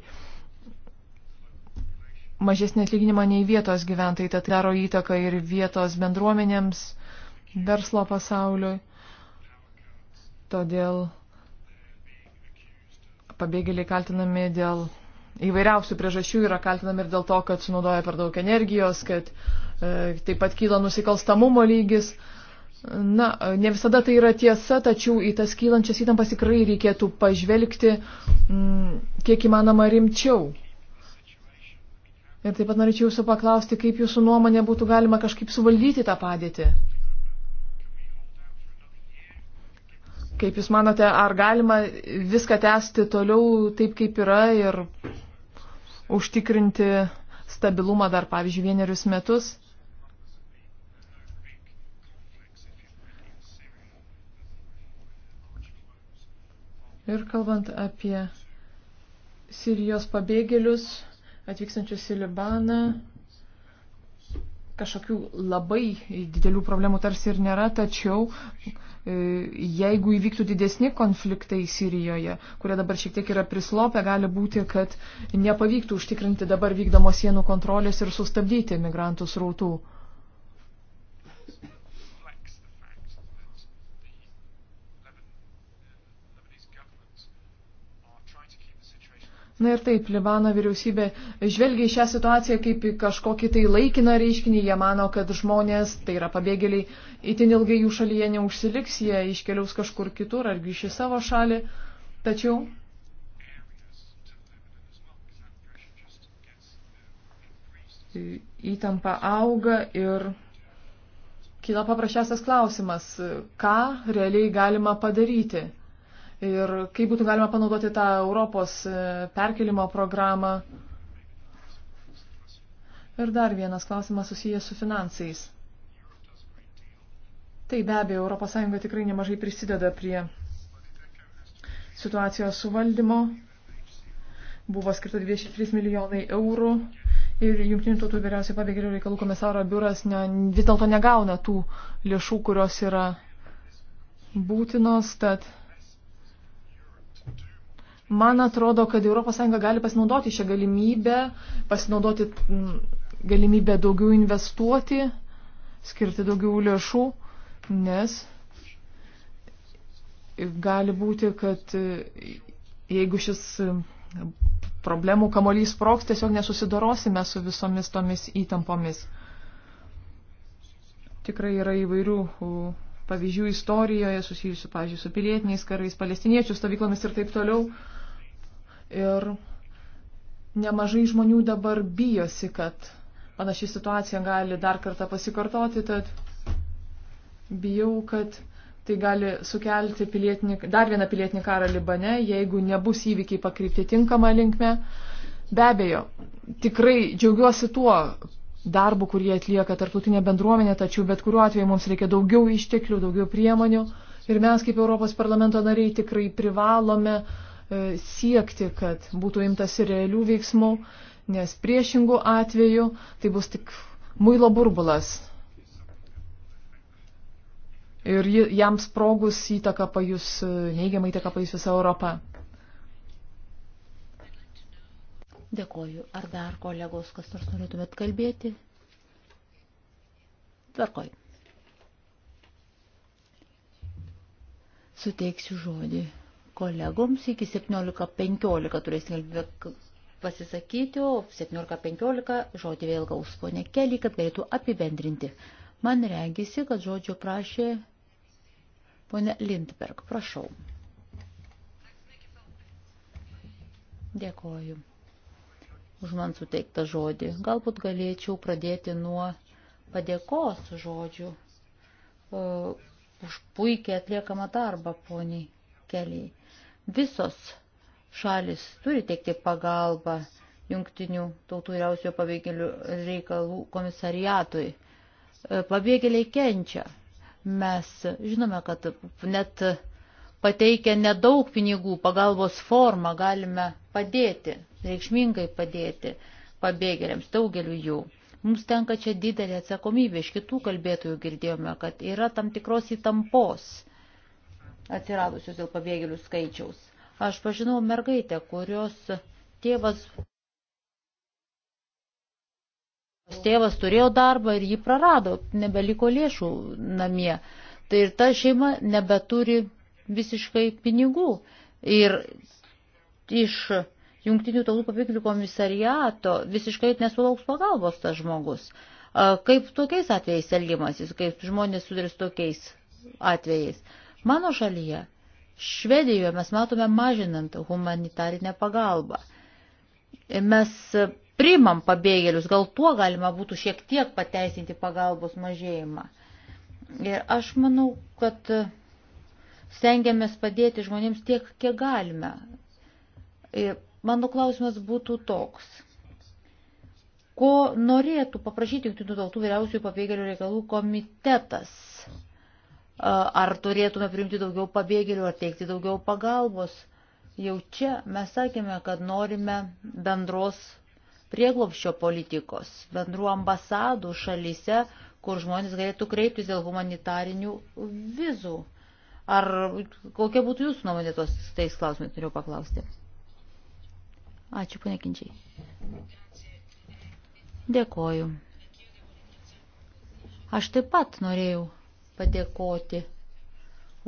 mažesnį atlyginimą nei vietos gyventojai. Tai daro įtaką ir vietos bendruomenėms, verslo pasauliui. Todėl pabėgėliai kaltinami dėl įvairiausių priežasčių yra kaltinami ir dėl to, kad sunaudoja per daug energijos, kad e, taip pat kyla nusikalstamumo lygis. Na, ne visada tai yra tiesa, tačiau į tas kylančias įtampas tikrai reikėtų pažvelgti m, mm, kiek įmanoma rimčiau. Ir taip pat norėčiau jūsų paklausti, kaip jūsų nuomonė būtų galima kažkaip suvaldyti tą padėtį. Kaip Jūs manote, ar galima viską tęsti toliau taip, kaip yra ir užtikrinti stabilumą dar, pavyzdžiui, vienerius metus. Ir kalbant apie Sirijos pabėgėlius, atvykstančius į Libaną. Mm kažkokių labai didelių problemų tarsi ir nėra, tačiau e, jeigu įvyktų didesni konfliktai Sirijoje, kurie dabar šiek tiek yra prislopę, gali būti, kad nepavyktų užtikrinti dabar vykdomos sienų kontrolės ir sustabdyti migrantų srautų. Na ir taip, Libano vyriausybė žvelgia į šią situaciją kaip į kažkokį tai laikiną reiškinį. Jie mano, kad žmonės, tai yra pabėgėliai, itin ilgai jų šalyje neužsiliks, jie iškeliaus kažkur kitur ar grįš į savo šalį. Tačiau. Įtampa auga ir kyla paprasčiausias klausimas, ką realiai galima padaryti ir kaip būtų galima panaudoti tą Europos e, perkelimo programą. Ir dar vienas klausimas susijęs su finansais. Tai be abejo, ES tikrai nemažai prisideda prie situacijos suvaldymo. Buvo skirta 23 milijonai eurų ir Junktinių tautų vyriausiai pabėgėlių reikalų komisaro biuras ne, vis dėlto negauna tų lėšų, kurios yra būtinos. Tad Man atrodo, kad ES gali pasinaudoti šią galimybę, pasinaudoti galimybę daugiau investuoti, skirti daugiau lėšų, nes gali būti, kad e, jeigu šis e, problemų kamolys sproks, tiesiog nesusidorosime su visomis tomis įtampomis. Tikrai yra įvairių pavyzdžių istorijoje susijusių, pavyzdžiui, su pilietiniais karais, palestiniečių stovyklomis ir taip toliau ir nemažai žmonių dabar bijosi, kad panaši situacija gali dar kartą pasikartoti, tad bijau, kad tai gali sukelti pilietinį, dar vieną pilietinį karą Libane, jeigu nebus įvykiai pakrypti tinkamą linkmę. Be abejo, tikrai džiaugiuosi tuo darbu, kurį atlieka tarptautinė bendruomenė, tačiau bet kuriuo atveju mums reikia daugiau išteklių, daugiau priemonių ir mes kaip Europos parlamento nariai tikrai privalome uh, E, siekti, kad būtų imtas ir realių veiksmų, nes priešingų atveju tai bus tik muilo burbulas. Ir jam sprogus įtaka pajus, e, neigiamai įtaka pajus visą Europą. Dėkoju. Ar dar kolegos, kas nors norėtumėt kalbėti? Tvarkoj. Suteiksiu žodį Kolegoms iki 17.15 turės galimybę pasisakyti, o 17.15 žodį vėl gaus ponė Kelį, kad galėtų apibendrinti. Man regisi, kad žodžio prašė ponė Lindberg. Prašau. Dėkoju už man suteiktą žodį. Galbūt galėčiau pradėti nuo padėkos žodžių uh, už puikiai atliekamą darbą poniai keliai. Visos šalis turi teikti pagalbą jungtinių tautų vyriausiojo pabėgėlių reikalų komisariatui. E, pabėgėliai kenčia. Mes žinome, kad net pateikę nedaug pinigų pagalbos formą galime padėti, reikšmingai padėti pabėgėliams, daugeliu jų. Mums tenka čia didelė atsakomybė, iš kitų kalbėtojų girdėjome, kad yra tam tikros įtampos atsiradusios dėl pabėgėlių skaičiaus. Aš pažinau mergaitę, kurios tėvas, tėvas turėjo darbą ir jį prarado, nebeliko lėšų namie. Tai ir ta šeima nebeturi visiškai pinigų. Ir iš jungtinių tautų pabėgėlių komisariato visiškai nesulauks pagalbos tas žmogus. Kaip tokiais atvejais elgiamasis, kaip žmonės sudarys tokiais atvejais. Mano šalyje, Švedijoje, mes matome mažinant humanitarinę pagalbą. Mes primam pabėgėlius, gal tuo galima būtų šiek tiek pateisinti pagalbos mažėjimą. Ir aš manau, kad stengiamės padėti žmonėms tiek, kiek galime. Ir mano klausimas būtų toks. Ko norėtų paprašyti Junktinių tautų vyriausiųjų pabėgėlių reikalų komitetas ar turėtume priimti daugiau pabėgėlių, ar teikti daugiau pagalbos. Jau čia mes sakėme, kad norime bendros prieglopščio politikos, bendrų ambasadų šalyse, kur žmonės galėtų kreiptis dėl humanitarinių vizų. Ar kokia būtų jūsų nuomonė tos tais klausimais, turiu paklausti. Ačiū, ponė Kinčiai. Dėkoju. Aš taip pat norėjau padėkoti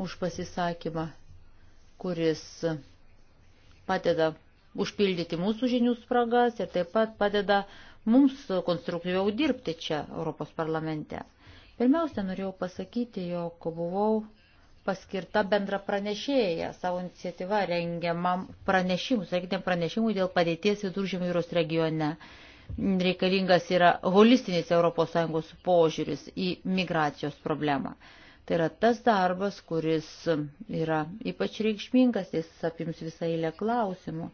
už pasisakymą, kuris padeda užpildyti mūsų žinių spragas ir taip pat padeda mums konstruktyviau dirbti čia Europos parlamente. Pirmiausia, norėjau pasakyti, jog buvau paskirta bendra pranešėja savo iniciatyva rengiamam pranešimui, sakykime, pranešimui dėl padėties viduržėmio jūros regione reikalingas yra holistinis ES požiūris į migracijos problemą. Tai yra tas darbas, kuris yra ypač reikšmingas, jis apims visą eilę klausimų.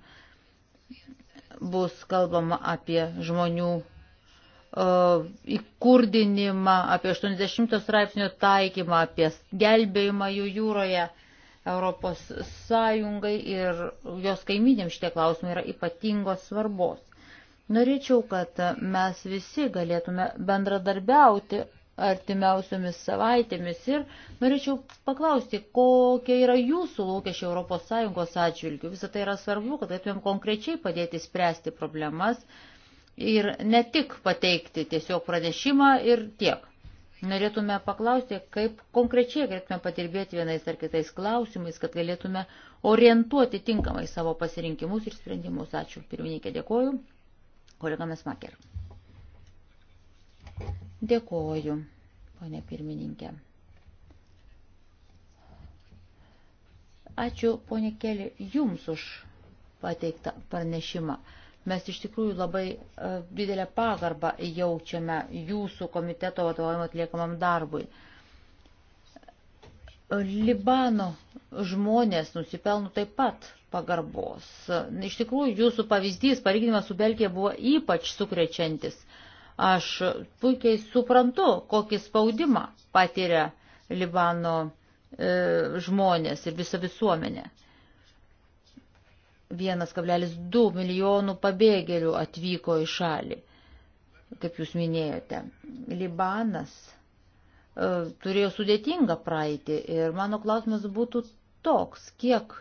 Bus kalbama apie žmonių uh, įkurdinimą, apie 80 straipsnio taikymą, apie gelbėjimą jų jūroje. Europos Sąjungai ir jos kaiminėms šitie klausimai yra ypatingos svarbos. Norėčiau, kad mes visi galėtume bendradarbiauti artimiausiomis savaitėmis ir norėčiau paklausti, kokie yra jūsų lūkesčiai ES atžvilgių. Visą tai yra svarbu, kad galėtumėm konkrečiai padėti spręsti problemas ir ne tik pateikti tiesiog pranešimą ir tiek. Norėtume paklausti, kaip konkrečiai galėtume patirbėti vienais ar kitais klausimais, kad galėtume orientuoti tinkamai savo pasirinkimus ir sprendimus. Ačiū. Pirmininkė, dėkoju kolega Mesmaker. Dėkoju, ponė pirmininkė. Ačiū, ponė Keli, jums už pateiktą pranešimą. Mes iš tikrųjų labai uh, didelę pagarbą jaučiame jūsų komiteto vadovavimo atliekamam darbui. Uh, Libano žmonės nusipelno taip pat pagarbos. Iš tikrųjų, jūsų pavyzdys, palyginimas su Belgija buvo ypač sukrečiantis. Aš puikiai suprantu, kokį spaudimą patiria Libano e, žmonės ir visa visuomenė. 1,2 milijonų pabėgėlių atvyko į šalį, kaip jūs minėjote. Libanas E, turėjo sudėtingą praeitį. Ir mano klausimas būtų toks, kiek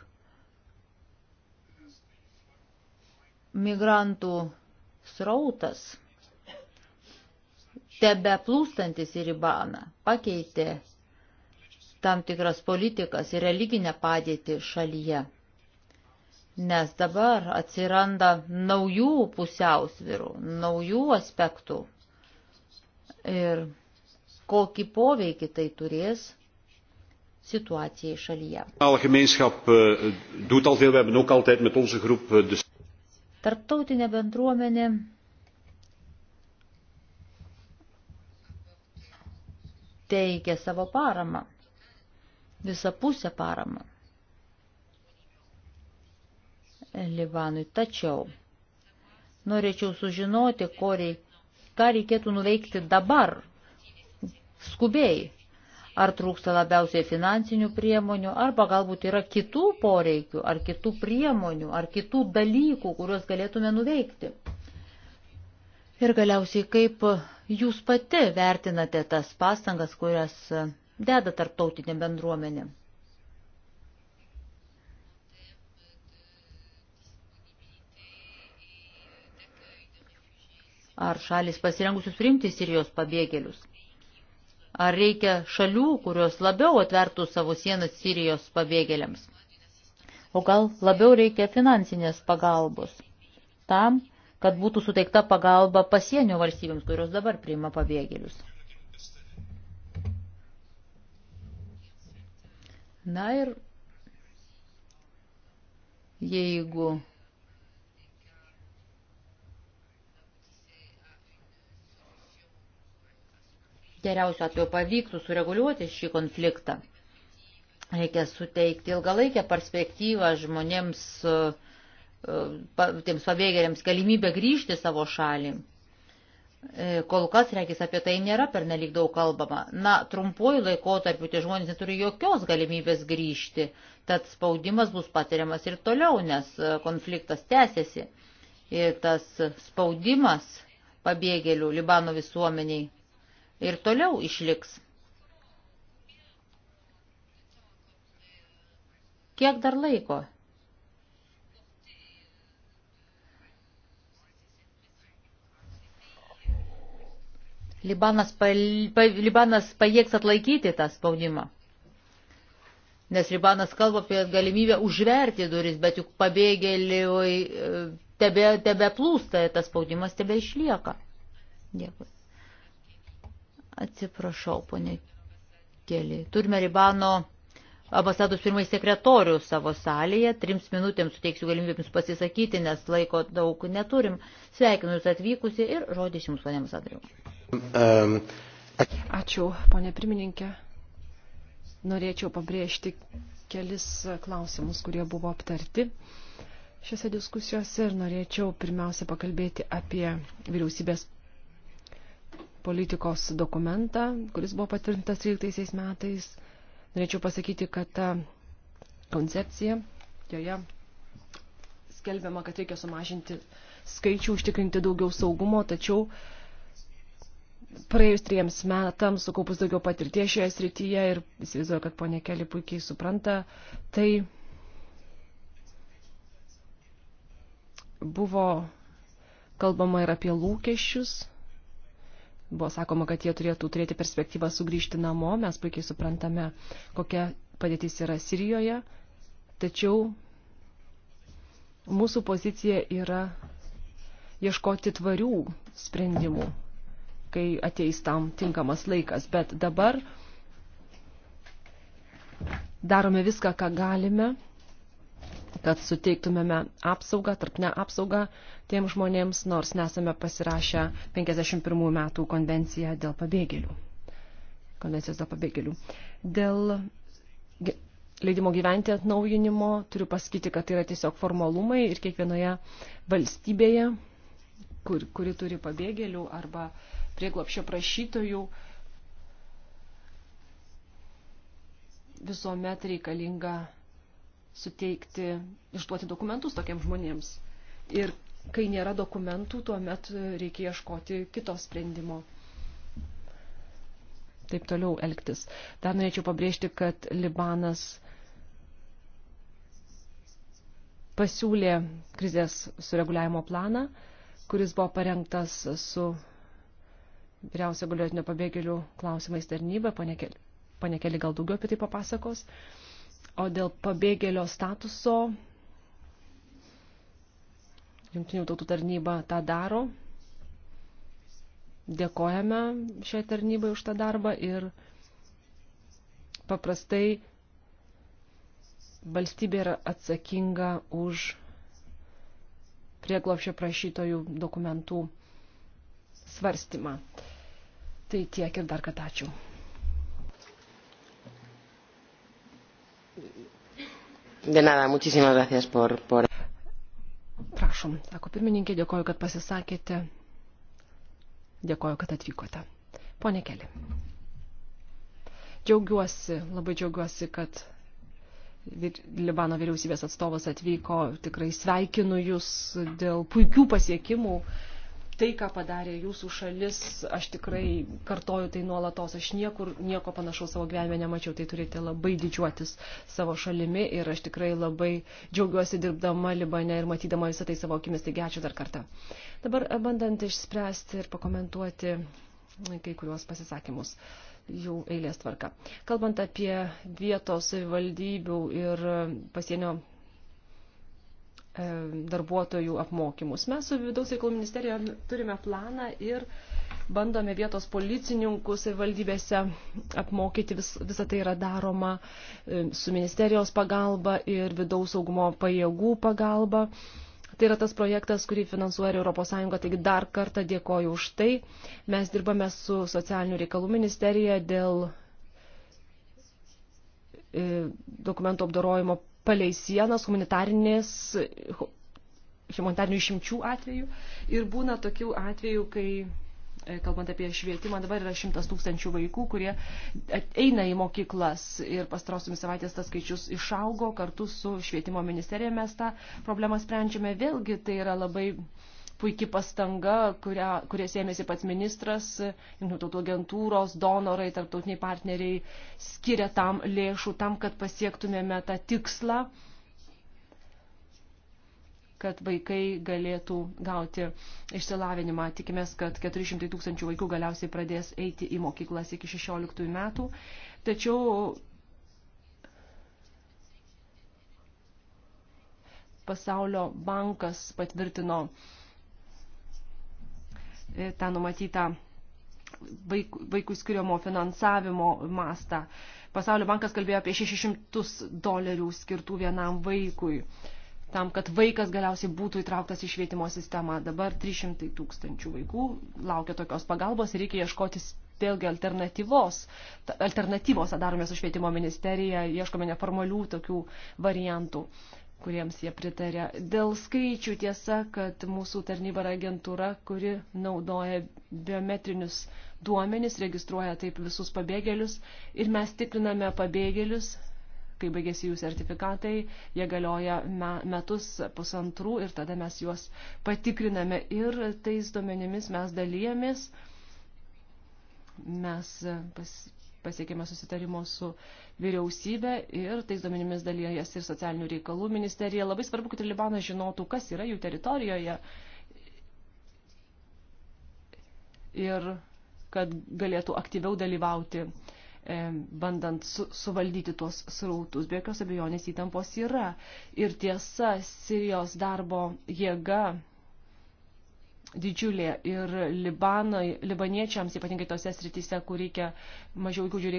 migrantų srautas, tebe plūstantis į Libaną, pakeitė tam tikras politikas ir religinę padėtį šalyje. Nes dabar atsiranda naujų pusiausvirų, naujų aspektų. Ir kokį poveikį tai turės situacijai šalyje. Eh, eh, Tarptautinė bendruomenė teikia savo paramą, visapusę paramą Libanui. Tačiau norėčiau sužinoti, ko reik, ką reikėtų nuveikti dabar, skubiai. Ar trūksta labiausiai finansinių priemonių, arba galbūt yra kitų poreikių, ar kitų priemonių, ar kitų dalykų, kuriuos galėtume nuveikti. Ir galiausiai, kaip jūs pati vertinate tas pastangas, kurias deda tarptautinė bendruomenė? ar šalis pasirengusius priimti Sirijos pabėgėlius. Ar reikia šalių, kurios labiau atvertų savo sienas Sirijos pabėgėliams? O gal labiau reikia finansinės pagalbos tam, kad būtų suteikta pagalba pasienio valstybėms, kurios dabar priima pabėgėlius? Na ir jeigu geriausiu atveju pavyktų sureguliuoti šį konfliktą. Reikia suteikti ilgalaikę perspektyvą žmonėms, e, e, tiems pabėgėliams, galimybę grįžti savo šalį. E, kol kas, reikis, apie tai nėra pernelyg daug kalbama. Na, trumpuoju laikotarpiu tie žmonės neturi jokios galimybės grįžti, tad spaudimas bus patiriamas ir toliau, nes konfliktas tęsiasi. Ir tas spaudimas pabėgėlių Libano visuomeniai ir toliau išliks. Kiek dar laiko? Libanas, pa, pa, Libanas pajėgs atlaikyti tą spaudimą. Nes Libanas kalba apie galimybę užverti duris, bet juk pabėgėliui e, tebe, tebe plūsta, tas spaudimas tebe išlieka. Dėkui. Atsiprašau, ponė Kėlį. Turime Libano ambasados pirmąjį sekretorių savo salėje. Trims minutėms suteiksiu galimybėms pasisakyti, nes laiko daug neturim. Sveikinu Jūs atvykusi ir žodis Jums, ponė ambasadoriu. Um, Ačiū, ponė pirmininkė. Norėčiau pabrėžti kelis klausimus, kurie buvo aptarti šiuose diskusijose ir norėčiau pirmiausia pakalbėti apie vyriausybės politikos dokumentą, kuris buvo patvirtintas 13 metais. Norėčiau pasakyti, kad ta koncepcija, joje skelbiama, kad reikia sumažinti skaičių, užtikrinti daugiau saugumo, tačiau praėjus triems metams, sukaupus daugiau patirties šioje srityje ir įsivaizduoju, kad ponė Keli puikiai supranta, tai buvo kalbama ir apie lūkesčius Buvo sakoma, kad jie turėtų turėti perspektyvą sugrįžti namo, mes puikiai suprantame, kokia padėtis yra Sirijoje, tačiau mūsų pozicija yra ieškoti tvarių sprendimų, kai ateis tam tinkamas laikas. Bet dabar darome viską, ką galime kad suteiktumėme apsaugą, tarpinę apsaugą tiems žmonėms, nors nesame pasirašę 51 metų konvenciją dėl pabėgėlių. Konvencijos dėl pabėgėlių. Dėl leidimo gyventi atnaujinimo turiu pasakyti, kad tai yra tiesiog formalumai ir kiekvienoje valstybėje, kur, kuri turi pabėgėlių arba prieglopšio prašytojų, visuomet reikalinga suteikti, išduoti dokumentus tokiems žmonėms. Ir kai nėra dokumentų, tuomet e, reikia ieškoti kito sprendimo. Taip toliau elgtis. Dar norėčiau pabrėžti, kad Libanas pasiūlė krizės sureguliavimo planą, kuris buvo parengtas su vyriausio galiotinio pabėgėlių klausimais tarnyba. Pane Keli gal daugiau apie tai papasakos. Uh, O dėl pabėgėlio statuso Junktinių tautų tarnyba tą daro. Dėkojame šiai tarnybai už tą darbą ir paprastai valstybė yra atsakinga už prieglopšio prašytojų dokumentų svarstymą. Tai tiek ir dar kartą ačiū. De nada, muchísimas gracias por. por... Prašom, sako pirmininkė, dėkoju, kad pasisakėte. Dėkoju, kad atvykote. Pone Keli. Džiaugiuosi, labai džiaugiuosi, kad Libano vyriausybės atstovas atvyko. Tikrai sveikinu Jūs dėl puikių pasiekimų tai, ką padarė jūsų šalis, aš tikrai kartoju tai nuolatos, aš niekur nieko panašaus savo gyvenime nemačiau, tai turite labai didžiuotis savo šalimi ir aš tikrai labai džiaugiuosi dirbdama Libane ir matydama visą tai savo akimis, taigi ačiū dar kartą. Dabar e, bandant išspręsti ir pakomentuoti e, kai kuriuos pasisakymus jų eilės tvarka. Kalbant apie vietos savivaldybių ir e, pasienio E, darbuotojų apmokymus. Mes su vidaus reikalų ministerija turime planą ir bandome vietos policininkus ir valdybėse apmokyti. Vis, visa tai yra daroma e, su ministerijos pagalba ir vidaus saugumo pajėgų pagalba. Tai yra tas projektas, kurį finansuoja Europos Sąjunga, taigi dar kartą dėkoju už tai. Mes dirbame su socialinių reikalų ministerija dėl e, dokumento apdorojimo palei sienas humanitarinės humanitarinių išimčių atveju. Ir būna tokių atvejų, kai, e, kalbant apie švietimą, dabar yra šimtas tūkstančių vaikų, kurie eina į mokyklas ir pastarosiomis savaitės tas skaičius išaugo, kartu su švietimo ministerija mes tą problemą sprendžiame. Vėlgi tai yra labai uh, puikia pastanga, kurią, kurie sėmėsi pats ministras, jungtinių tautų agentūros, donorai, tarptautiniai partneriai skiria tam lėšų, tam, kad pasiektumėme tą tikslą, kad vaikai galėtų gauti išsilavinimą. Tikimės, kad 400 tūkstančių vaikų galiausiai pradės eiti į mokyklas iki 16 metų. Tačiau Pasaulio bankas patvirtino uh, E, tą numatytą vaikų skiriamo finansavimo mastą. Pasaulio bankas kalbėjo apie 600 dolerių skirtų vienam vaikui, tam, kad vaikas galiausiai būtų įtrauktas į švietimo sistemą. Dabar 300 tūkstančių vaikų laukia tokios pagalbos ir reikia ieškoti vėlgi alternatyvos. Alternatyvos darome su švietimo ministerija, ieškome neformalių tokių variantų kuriems jie pritarė. Dėl skaičių tiesa, kad mūsų tarnyba yra agentūra, kuri naudoja biometrinius duomenis, registruoja taip visus pabėgėlius ir mes tikriname pabėgėlius, kai baigėsi jų sertifikatai, jie galioja metus pusantrų ir tada mes juos patikriname ir tais duomenimis mes dalyjamės. Mes pas, pasiekėme susitarimo su vyriausybė ir tais duomenimis dalyjas ir socialinių reikalų ministerija. Labai svarbu, kad ir Libanas žinotų, kas yra jų teritorijoje ir kad galėtų aktyviau dalyvauti e, bandant su, suvaldyti tuos srautus. Be jokios abejonės įtampos yra. Ir tiesa, Sirijos darbo jėga didžiulė ir Libanai, libaniečiams, ypatingai tose srityse, kur reikia mažiau įgūdžių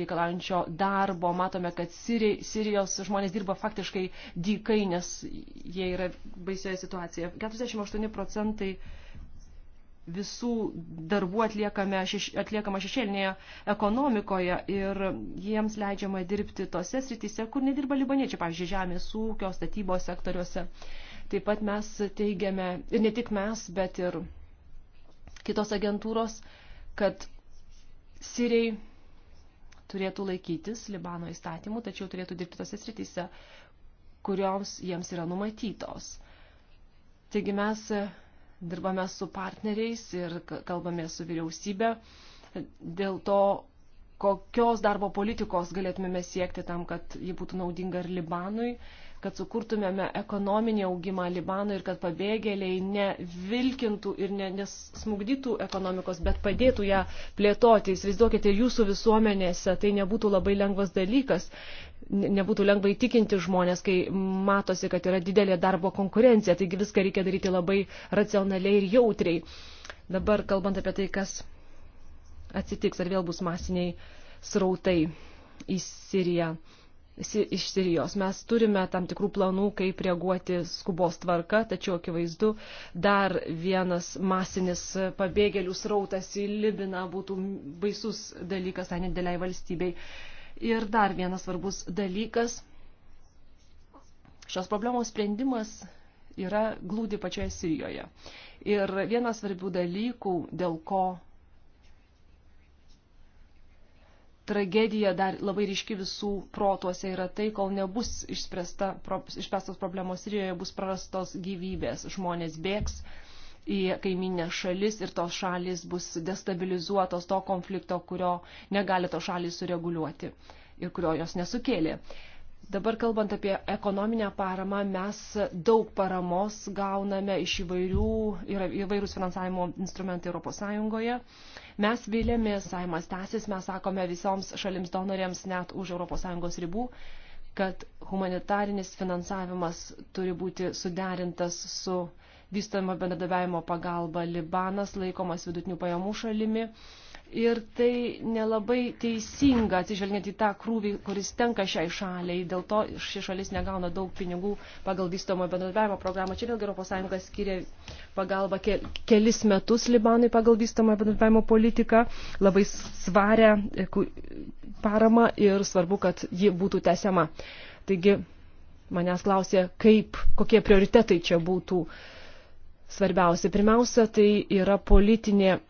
reikalaujančio darbo, matome, kad Siri, Sirijos žmonės dirba faktiškai dykai, nes jie yra baisioje situacijoje. 48 procentai visų darbų atliekame, šeš, atliekama šešėlinėje ekonomikoje ir jiems leidžiama dirbti tose srityse, kur nedirba libaniečiai, pavyzdžiui, žemės ūkio, statybos sektoriuose. Uh, Taip pat mes teigiame, ir ne tik mes, bet ir kitos agentūros, kad Siriai turėtų laikytis Libano įstatymų, tačiau turėtų dirbti tose srityse, kurioms jiems yra numatytos. Taigi mes dirbame su partneriais ir kalbame su vyriausybė dėl to, kokios darbo politikos galėtumėme siekti tam, kad ji būtų naudinga ir Libanui, kad sukurtumėme ekonominį augimą Libanui ir kad pabėgėliai nevilkintų ir ne, nesmugdytų ekonomikos, bet padėtų ją plėtoti. Įsivaizduokite, jūsų visuomenėse tai nebūtų labai lengvas dalykas, nebūtų lengva įtikinti žmonės, kai matosi, kad yra didelė darbo konkurencija, taigi viską reikia daryti labai racionaliai ir jautriai. Dabar kalbant apie tai, kas atsitiks, ar vėl bus masiniai srautai į Siriją iš Sirijos. Mes turime tam tikrų planų, kaip reaguoti skubos tvarka, tačiau akivaizdu, dar vienas masinis pabėgėlių srautas į Libiną būtų baisus dalykas tai nedėliai valstybei. Ir dar vienas svarbus dalykas. Šios problemos sprendimas yra glūdi pačioje Sirijoje. Ir vienas svarbių dalykų, dėl ko tragedija dar labai ryški visų protuose yra tai, kol nebus išspręsta, pro, išspręstos problemos Sirijoje, bus prarastos gyvybės, žmonės bėgs į kaiminę šalis ir tos šalis bus destabilizuotos to konflikto, kurio negali tos šalis sureguliuoti ir kurio jos nesukėlė. Dabar kalbant apie ekonominę paramą, mes daug paramos gauname iš įvairių, yra įvairūs finansavimo instrumentai ES. Mes vilėmės, saimas tęsis, mes sakome visoms šalims donorėms net už ES ribų, kad humanitarinis finansavimas turi būti suderintas su vystojimo bendradarbiavimo pagalba. Libanas laikomas vidutinių pajamų šalimi ir tai nelabai teisinga atsižvelgiant į tą krūvį, kuris tenka šiai šaliai. Dėl to ši šalis negauna daug pinigų pagal vystomo bendradarbiavimo programą. Čia vėlgi ES skiria pagalbą ke kelis metus Libanui pagal vystomo bendradarbiavimo politiką, labai svarę e, paramą ir svarbu, kad ji būtų tęsiama. Taigi manęs klausė, kaip, kokie prioritetai čia būtų svarbiausia. Pirmiausia, tai yra politinė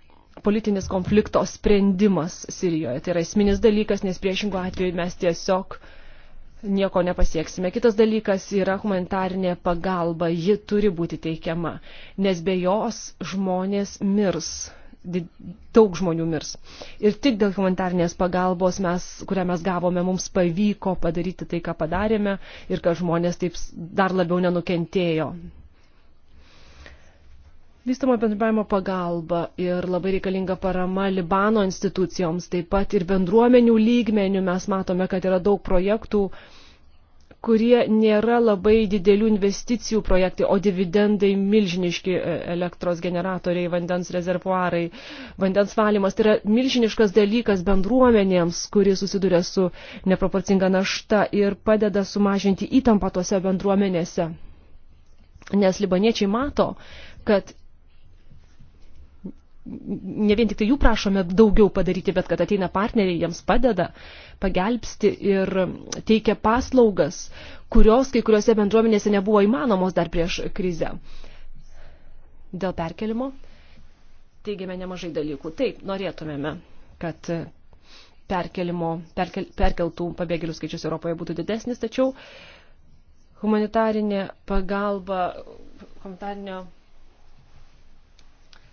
politinis konflikto sprendimas Sirijoje. Tai yra esminis dalykas, nes priešingų atveju mes tiesiog nieko nepasieksime. Kitas dalykas yra humanitarinė pagalba. Ji turi būti teikiama, nes be jos žmonės mirs. Daug žmonių mirs. Ir tik dėl humanitarnės pagalbos, mes, kurią mes gavome, mums pavyko padaryti tai, ką padarėme ir kad žmonės taip dar labiau nenukentėjo Vystamo bendrabavimo pagalba ir labai reikalinga parama Libano institucijoms, taip pat ir bendruomenių lygmenių mes matome, kad yra daug projektų, kurie nėra labai didelių investicijų projektai, o dividendai milžiniški e, elektros generatoriai, vandens rezervuarai, vandens valymas. Tai yra milžiniškas dalykas bendruomenėms, kuri susiduria su neproporcinga našta ir padeda sumažinti įtampą tose bendruomenėse. Nes libaniečiai mato, kad ne vien tik tai jų prašome daugiau padaryti, bet kad ateina partneriai, jiems padeda, pagelbsti ir teikia paslaugas, kurios kai kuriuose bendruomenėse nebuvo įmanomos dar prieš krizę. Dėl perkelimo teigiame nemažai dalykų. Taip, norėtumėme, kad perkelimo, perkel, perkeltų pabėgėlių skaičius Europoje būtų didesnis, tačiau humanitarinė pagalba, humanitarinio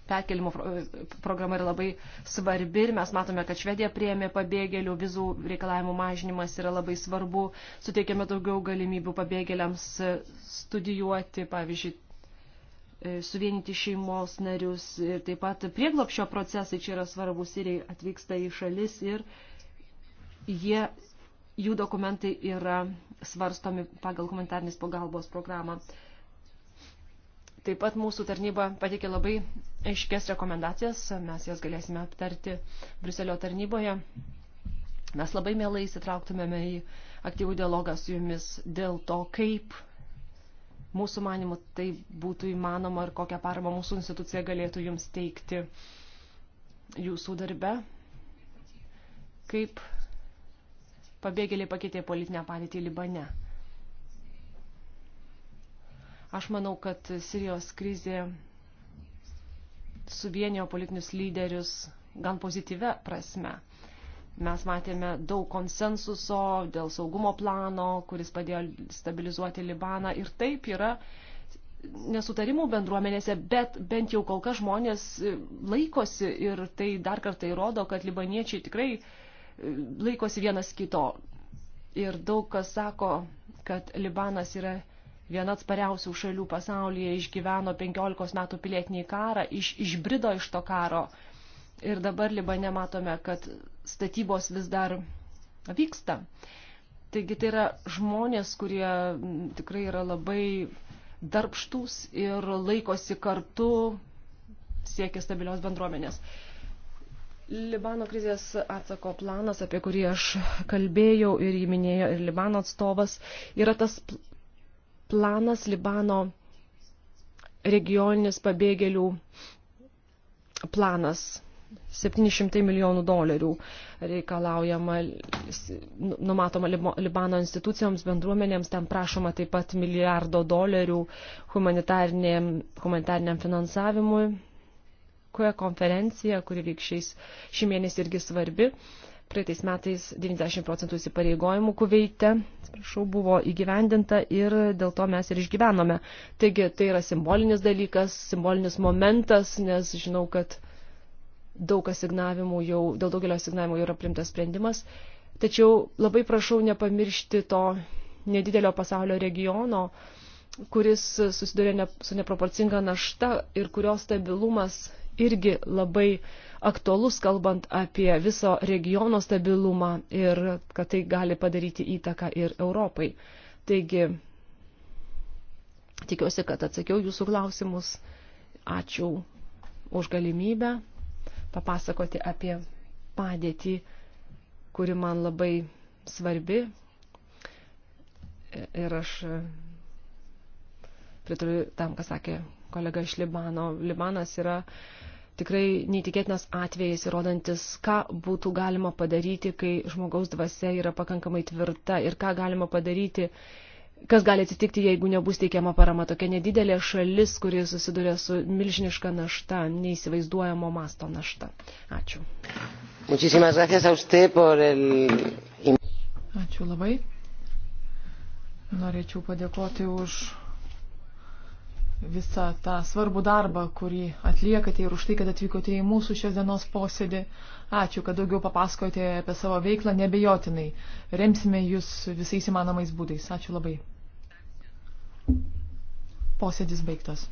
perkelimo e, programa yra labai svarbi ir mes matome, kad Švedija prieėmė pabėgėlių, vizų reikalavimų mažinimas yra labai svarbu, suteikėme daugiau galimybių pabėgėliams e, studijuoti, pavyzdžiui, e, suvienyti šeimos narius ir taip pat prieglopšio procesai čia yra svarbus ir atvyksta į šalis ir jie, jų dokumentai yra svarstomi pagal humanitarnės pagalbos programą. Taip pat mūsų tarnyba patikė labai aiškės rekomendacijas, mes jas galėsime aptarti Briuselio tarnyboje. Mes labai mielai įsitrauktumėme į aktyvų dialogą su jumis dėl to, kaip mūsų manimų tai būtų įmanoma ir kokią paramą mūsų institucija galėtų jums teikti jūsų darbe, kaip pabėgėliai pakeitė politinę padėtį Libane. Aš manau, kad Sirijos krizė suvienijo politinius lyderius gan pozityvę prasme. Mes matėme daug konsensuso dėl saugumo plano, kuris padėjo stabilizuoti Libaną ir taip yra nesutarimų bendruomenėse, bet bent jau kol kas žmonės laikosi ir tai dar kartą įrodo, kad libaniečiai tikrai laikosi vienas kito. Ir daug kas sako, kad Libanas yra viena atspariausių šalių pasaulyje išgyveno 15 metų pilietinį karą, iš, išbrido iš to karo. Ir dabar Libane matome, kad statybos vis dar vyksta. Taigi tai yra žmonės, kurie tikrai yra labai darbštus ir laikosi kartu siekia stabilios bendruomenės. Libano krizės atsako planas, apie kurį aš kalbėjau ir jį minėjo ir Libano atstovas, yra tas planas Libano regioninis pabėgėlių planas. 700 milijonų dolerių reikalaujama, numatoma Libano institucijoms, bendruomenėms, ten prašoma taip pat milijardo dolerių humanitariniam, humanitariniam finansavimui, kurioje konferencija, kuri vyks šiais šį mėnesį irgi svarbi. Uh, Praeitais metais 90 procentų įsipareigojimų kuveite prašau, buvo įgyvendinta ir dėl to mes ir išgyvenome. Taigi tai yra simbolinis dalykas, simbolinis momentas, nes žinau, kad daug asignavimų jau, dėl daugelio asignavimų jau yra primtas sprendimas. Tačiau labai prašau nepamiršti to nedidelio pasaulio regiono, kuris susiduria ne, su neproporcinga našta ir kurio stabilumas irgi labai aktualus, kalbant apie viso regiono stabilumą ir kad tai gali padaryti įtaką ir Europai. Taigi, tikiuosi, kad atsakiau jūsų klausimus. Ačiū už galimybę papasakoti apie padėtį, kuri man labai svarbi. E, ir aš pritariu tam, ką sakė kolega iš Libano. Libanas yra tikrai neįtikėtinas atvejais įrodantis, ką būtų galima padaryti, kai žmogaus dvasia yra pakankamai tvirta ir ką galima padaryti, kas gali atsitikti, jeigu nebus teikiama parama. Tokia nedidelė šalis, kuri susiduria su milžiniška našta, neįsivaizduojamo masto našta. Ačiū. Ačiū labai. Norėčiau padėkoti už visą tą svarbų darbą, kurį atliekate ir už tai, kad atvykote į mūsų šios dienos posėdį. Ačiū, kad daugiau papasakote apie savo veiklą, nebejotinai. Remsime jūs visais įmanomais būdais. Ačiū labai. Posėdis baigtas.